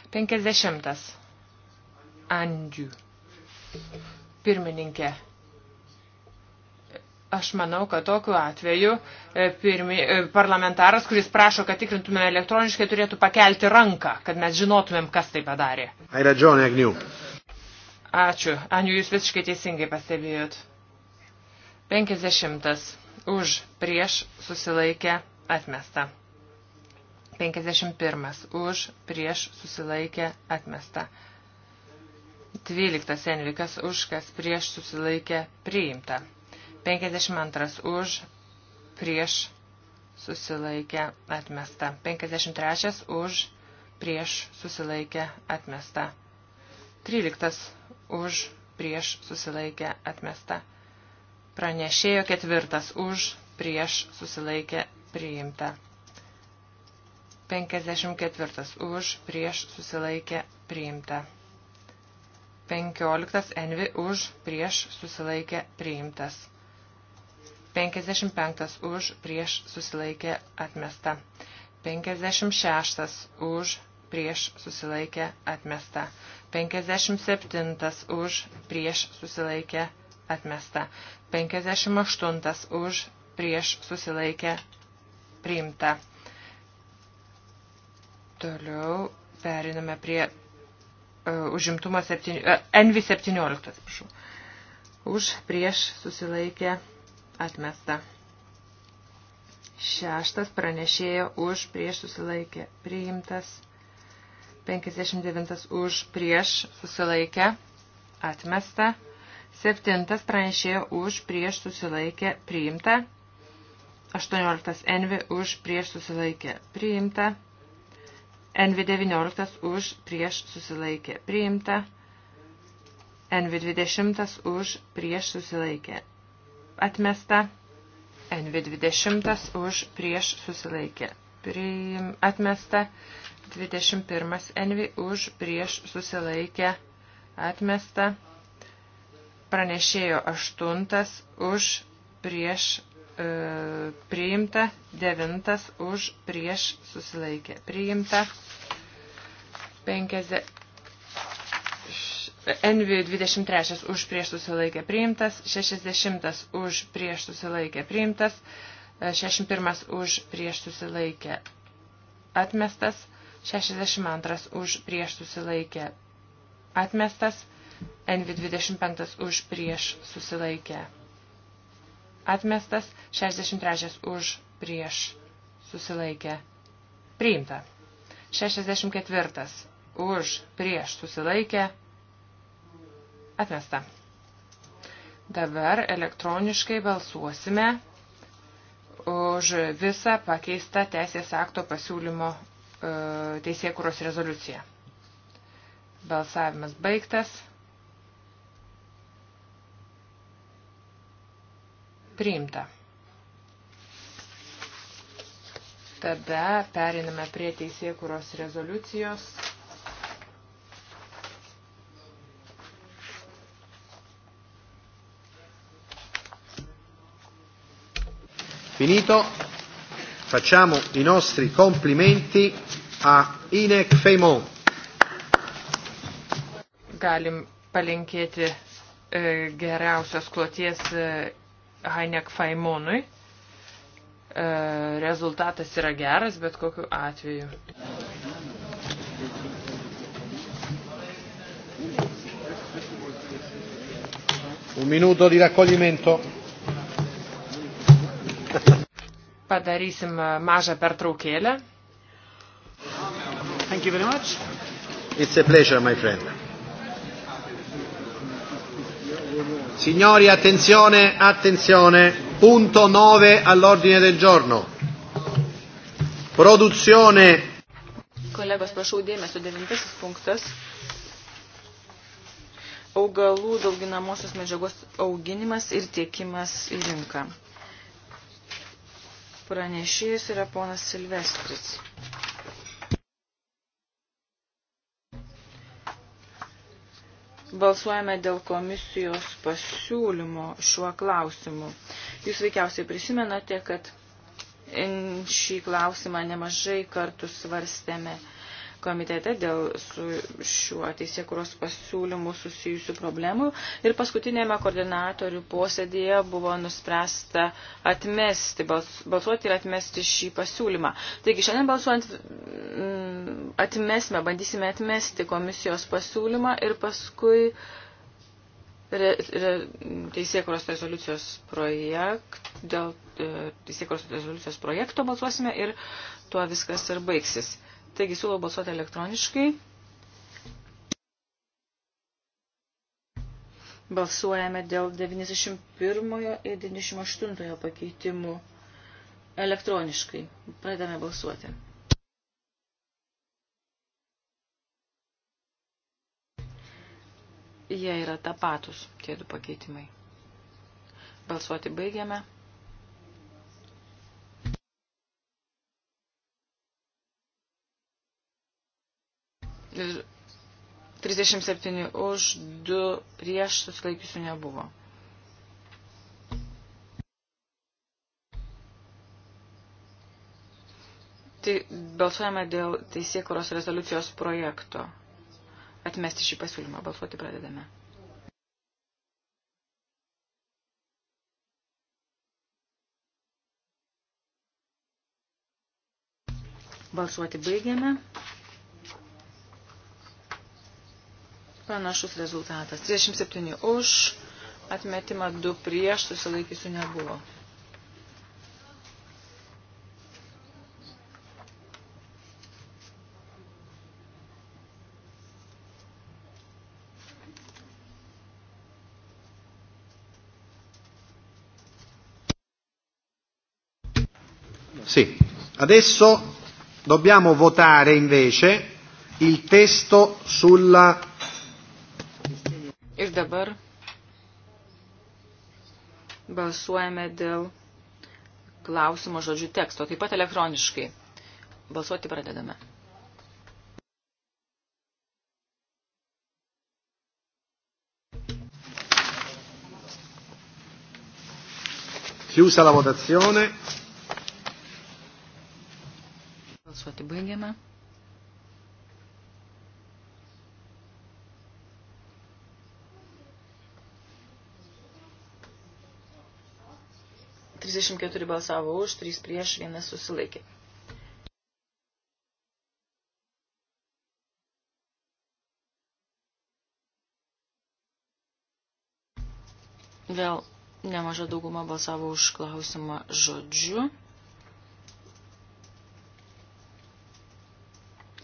50. Andžių. Pirmininkė. Aš manau, kad tokiu atveju e, pirmi, e, parlamentaras, kuris prašo, kad tikrintumėme elektroniškai, turėtų pakelti ranką, kad mes žinotumėm, kas tai padarė. Ačiū. Aniu, jūs visiškai teisingai pastebėjot. 50. Už prieš susilaikę atmesta. 51. Už prieš susilaikę atmesta. 12. Envikas už kas prieš susilaikę priimta. 52 už, prieš susilaikę atmesta. 53 už, prieš susilaikę atmesta. 13 už, prieš susilaikę atmesta. Pranešėjo ketvirtas už, prieš susilaikę priimta. 54 už, prieš susilaikę priimta. 15 envi už prieš susilaikę priimtas. 55 už prieš susilaikė atmesta. 56 už prieš susilaikė atmesta. 57 už prieš susilaikė atmesta. 58 už prieš susilaikė priimta. Toliau periname prie uh, užimtumo 7, uh, NV17. Prašau. Už prieš susilaikė atmesta atmesta. Šeštas pranešėjo už prieš susilaikę priimtas. 59 už prieš susilaikę atmesta. Septintas pranešėjo už prieš susilaikę priimta. 18 Envi už prieš susilaikę priimta. Envi 19 už prieš susilaikę priimta. NV20 už prieš susilaikę atmesta, NV20 už prieš susilaikė. Priim, atmesta 21 NV už prieš susilaikė. Atmesta pranešėjo 8 už prieš e, priimta, 9 už prieš susilaikė. Priimta 50. NV23 už prieš susilaikė priimtas, 60 už prieš susilaikė priimtas, 61 už prieš susilaikė atmestas, 62 už prieš susilaikė atmestas, NV25 už prieš susilaikė atmestas, 63 už prieš susilaikė priimta, 64 už prieš susilaikė atmestas. Atmesta. Dabar elektroniškai balsuosime už visą pakeistą teisės akto pasiūlymo e, teisėkuros rezoliuciją. Balsavimas baigtas. Priimta. Tada periname prie teisėkuros rezoliucijos. finito. Facciamo i nostri complimenti a Inek Feimon. Galim palinkėti e, geriausios kloties e, Hainek Faimonui. E, rezultatas yra geras, bet kokiu atveju. Un minuto di raccoglimento. Padarysim e, mažą pertraukėlę. Thank you very much. It's a pleasure, my friend. Signori, attenzione, attenzione. Punto 9 all'ordine del giorno. Produzione. Kolegos, prašau dėmesio, devintasis punktas augalų dauginamosios medžiagos auginimas ir tiekimas į rinką. Pranešėjas yra ponas Silvestris. Balsuojame dėl komisijos pasiūlymo šiuo klausimu. Jūs veikiausiai prisimenate, kad šį klausimą nemažai kartų svarstėme komitete dėl su šiuo teisėkuros pasiūlymu susijusių problemų. Ir paskutinėme koordinatorių posėdėje buvo nuspręsta atmesti, balsuoti ir atmesti šį pasiūlymą. Taigi šiandien balsuojant mm, atmesime, bandysime atmesti komisijos pasiūlymą ir paskui re, re, teisėkuros rezoliucijos projekt, dėl e, teisėkuros rezoliucijos projekto balsuosime ir tuo viskas ir baigsis. Taigi siūlau balsuoti elektroniškai. Balsuojame dėl 91 ir 98 pakeitimų elektroniškai. Pradame balsuoti. Jie yra tapatus, tie du pakeitimai. Balsuoti baigiame. 37 už, 2 prieš susilaikysiu nebuvo. Tai balsuojame dėl teisėkuros rezoliucijos projekto. Atmesti šį pasiūlymą. Balsuoti pradedame. Balsuoti baigiame. Panašus rezultatas. 37 už, atmetimą 2 prieš, susilaikysiu nebuvo. Sì. Adesso dobbiamo votare invece il testo sulla dabar balsuojame dėl klausimo žodžių teksto, taip pat elektroniškai. Balsuoti pradedame. Chiusa la votazione. Balsuoti baigiame. 34 balsavo už, 3 prieš, 1 susilaikė. Vėl nemaža dauguma balsavo už klausimą žodžiu.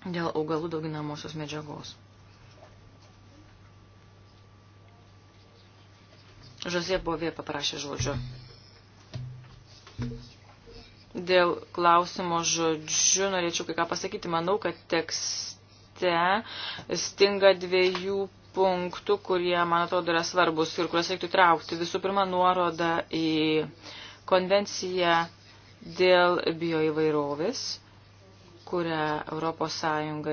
Dėl augalų dauginamosios medžiagos. Žozė Bovė paprašė žodžio. Dėl klausimo žodžių norėčiau kai ką pasakyti. Manau, kad tekste stinga dviejų punktų, kurie, man atrodo, yra svarbus ir kuriuos reiktų traukti. Visų pirma, nuoroda į konvenciją dėl bioįvairovės kurią ES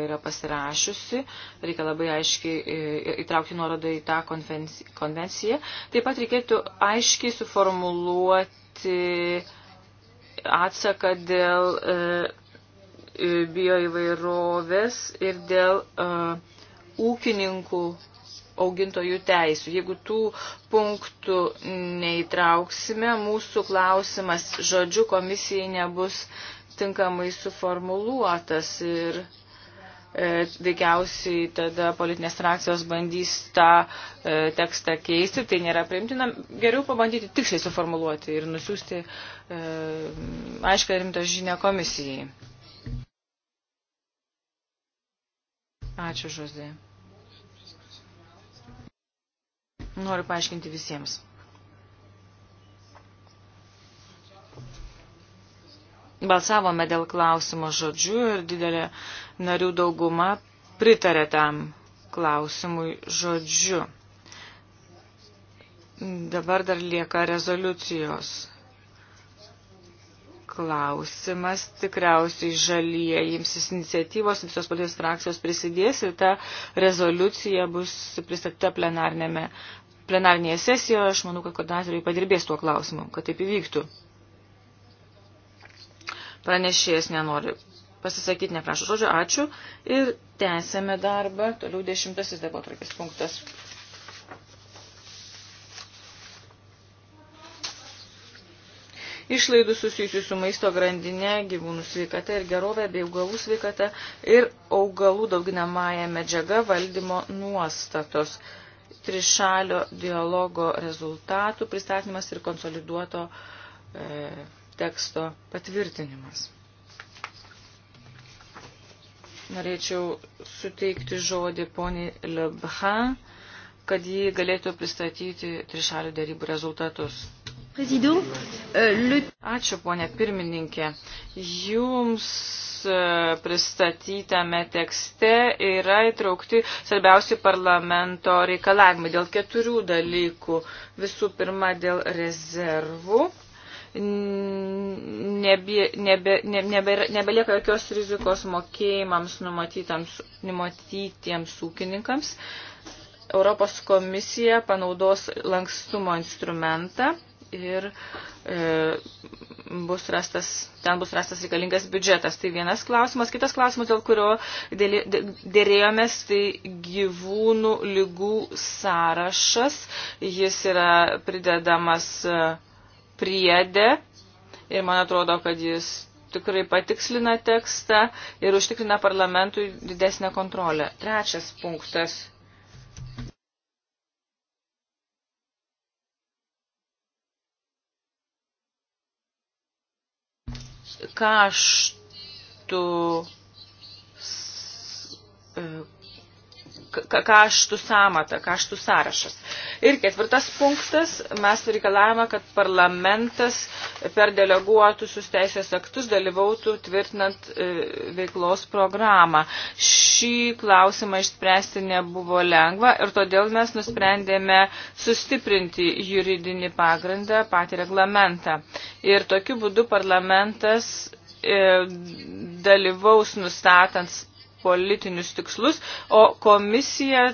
yra pasirašiusi. Reikia labai aiškiai e, e, įtraukti nuorodą į tą konvenciją. Taip pat reikėtų aiškiai suformuluoti atsaką dėl e, bioįvairovės ir dėl e, ūkininkų augintojų teisų. Jeigu tų punktų neįtrauksime, mūsų klausimas žodžiu komisijai nebus tinkamai suformuluotas ir E, veikiausiai tada politinės frakcijos bandys tą e, tekstą keisti, tai nėra priimtina. Geriau pabandyti tiksliai suformuluoti ir nusiųsti e, aišką rimtą žinę komisijai. Ačiū, Žozė. Noriu paaiškinti visiems. Balsavome dėl klausimo žodžių ir didelė narių dauguma pritarė tam klausimui žodžiu. Dabar dar lieka rezoliucijos klausimas. Tikriausiai žalyje imsis iniciatyvos, visos politinės frakcijos prisidės ir ta rezoliucija bus pristatyta plenarnėje sesijoje. Aš manau, kad koordinatoriai padirbės tuo klausimu, kad taip įvyktų. Pranešėjas nenori pasisakyti, neprašo žodžio, ačiū. Ir tęsėme darbą. Toliau dešimtasis darbo trakis punktas. Išlaidų susijusių su maisto grandinė, gyvūnų sveikata ir gerovė bei augalų sveikata ir augalų dauginamąją medžiagą valdymo nuostatos trišalio dialogo rezultatų pristatymas ir konsoliduoto e, teksto patvirtinimas. Norėčiau suteikti žodį poniai Lebha, kad ji galėtų pristatyti trišalių dėrybų rezultatus. Ačiū, ponė pirmininkė. Jums e, pristatytame tekste yra įtraukti svarbiausi parlamento reikalavimai dėl keturių dalykų. Visų pirma, dėl rezervų nebe, nebe, nebe, nebelieka jokios rizikos mokėjimams numatytiems ūkininkams. Europos komisija panaudos lankstumo instrumentą ir e, bus rastas, ten bus rastas reikalingas biudžetas. Tai vienas klausimas. Kitas klausimas, dėl kurio dėrėjomės, tai gyvūnų lygų sąrašas. Jis yra pridedamas e, priedė ir man atrodo, kad jis tikrai patikslina tekstą ir užtikrina parlamentui didesnę kontrolę. Trečias punktas. Kaštų e, kaštų samatą, kaštų sąrašas. Ir ketvirtas punktas, mes reikalavome, kad parlamentas per deleguotusius teisės aktus dalyvautų tvirtinant e, veiklos programą. Šį klausimą išspręsti nebuvo lengva ir todėl mes nusprendėme sustiprinti juridinį pagrindą, patį reglamentą. Ir tokiu būdu parlamentas e, dalyvaus nustatant politinius tikslus, o komisija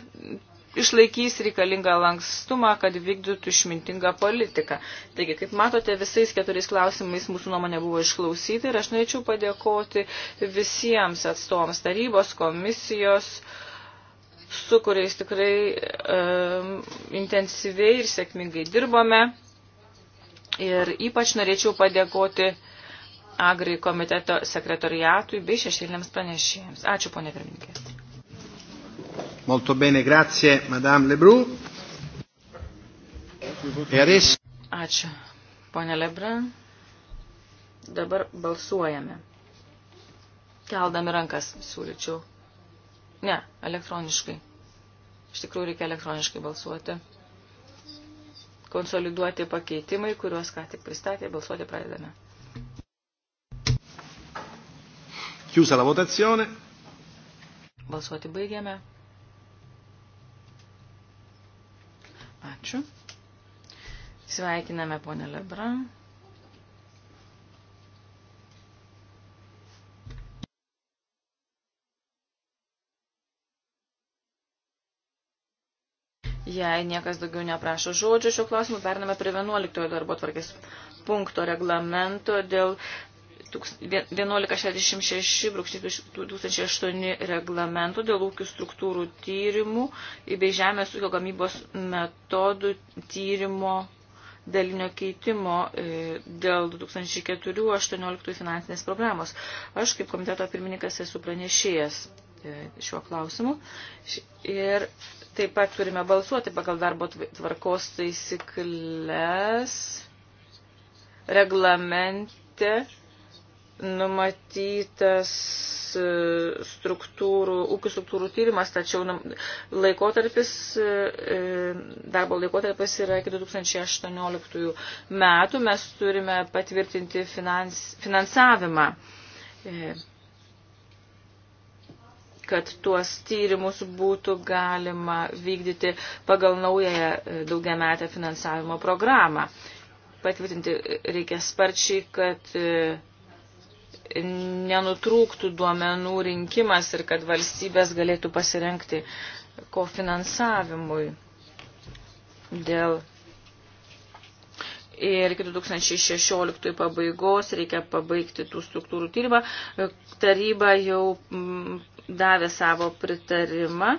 išlaikys reikalingą lankstumą, kad vykdytų išmintingą politiką. Taigi, kaip matote, visais keturiais klausimais mūsų nuomonė buvo išklausyti ir aš norėčiau padėkoti visiems atstovams tarybos, komisijos, su kuriais tikrai um, intensyviai ir sėkmingai dirbome. Ir ypač norėčiau padėkoti uh, Agri komiteto sekretoriatui bei šešėlėms pranešėjams. Ačiū, ponė pirmininkė. Molto bene, grazie, Madame Lebrun. E adesso... Ačiū, ponė Lebrun. Dabar balsuojame. Keldami rankas siūlyčiau. Ne, elektroniškai. Iš tikrųjų reikia elektroniškai balsuoti. Konsoliduoti pakeitimai, kuriuos ką tik pristatė, balsuoti pradedame. Chiusa la votazione. Balsuoti baigiame. Ačiū. Sveikiname ponę Lebrun. Jei niekas daugiau neprašo žodžio šio klausimu, pername prie 11 darbo tvarkės punkto reglamento dėl 1166-2008 reglamento dėl ūkių struktūrų tyrimų bei žemės ūkio gamybos metodų tyrimo dalinio keitimo e, dėl 2004-2018 finansinės programos. Aš kaip komiteto pirmininkas esu pranešėjęs e, šiuo klausimu. Ir taip pat turime balsuoti pagal darbo tvarkos taisyklės reglamente numatytas e, struktūrų, ūkių struktūrų tyrimas, tačiau laikotarpis, e, e, darbo laikotarpis yra iki 2018 metų, mes turime patvirtinti finans, finansavimą, kad tuos tyrimus būtų galima vykdyti pagal naująją daugiametę finansavimo programą. Patvirtinti reikia sparčiai, kad nenutrūktų duomenų rinkimas ir kad valstybės galėtų pasirenkti kofinansavimui dėl. Ir iki 2016 pabaigos reikia pabaigti tų struktūrų tyrimą. Taryba jau mm, davė savo pritarimą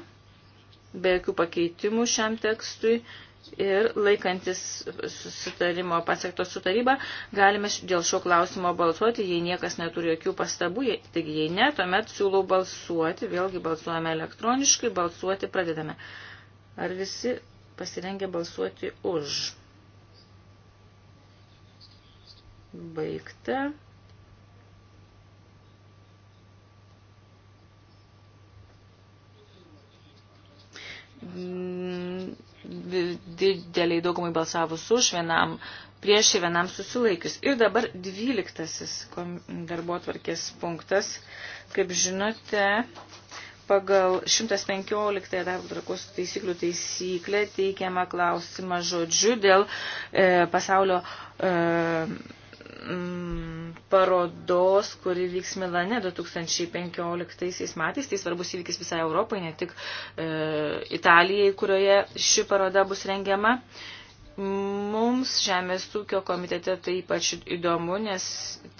be jokių pakeitimų šiam tekstui ir laikantis susitarimo pasiektos sutaryba, galime dėl šio klausimo balsuoti, jei niekas neturi jokių pastabų, taigi jei ne, tuomet siūlau balsuoti, vėlgi balsuojame elektroniškai, balsuoti pradedame. Ar visi pasirengia balsuoti už? Baigta. Mm dideliai daugumai balsavus už vienam prieš ir vienam susilaikius. Ir dabar dvyliktasis darbo tvarkės punktas. Kaip žinote, pagal 115 darbo tvarkos taisyklių taisyklę teikiama klausimą žodžiu dėl e, pasaulio e, mm, parodos, kuri vyks Milane 2015 metais. Tai svarbus įvykis visai Europai, ne tik e, Italijai, kurioje ši paroda bus rengiama. Mums Žemės ūkio komitete tai ypač įdomu, nes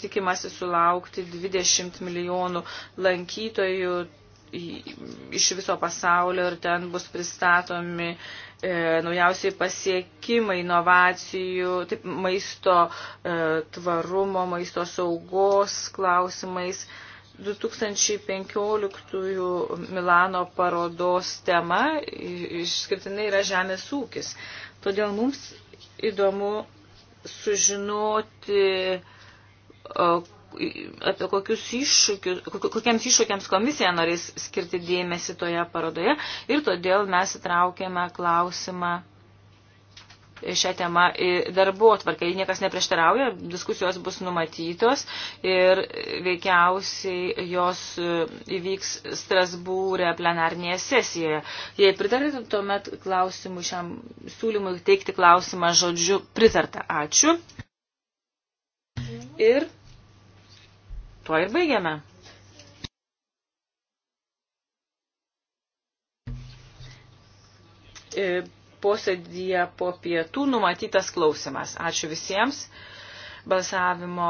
tikimasi sulaukti 20 milijonų lankytojų iš viso pasaulio ir ten bus pristatomi e, E, naujausiai pasiekimai inovacijų, taip, maisto e, tvarumo, maisto saugos klausimais. 2015 Milano parodos tema išskirtinai yra žemės ūkis. Todėl mums įdomu sužinoti, apie kokius iššūkius, kokiems iššūkiams komisija norės skirti dėmesį toje parodoje ir todėl mes įtraukėme klausimą šią temą į darbo atvarką. Jei niekas neprieštarauja, diskusijos bus numatytos ir veikiausiai jos įvyks Strasbūrė plenarnėje sesijoje. Jei pritarėte, tuomet klausimų šiam siūlymui teikti klausimą žodžiu pritarta. Ačiū. Ir Tuo ir baigiame. E, Posėdėje po pietų numatytas klausimas. Ačiū visiems. Balsavimo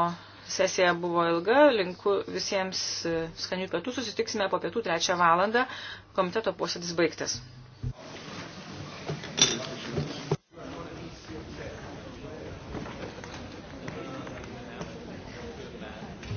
sesija buvo ilga. Linku visiems e, skanių pietų. Susitiksime po pietų trečią valandą. Komiteto posėdis baigtas.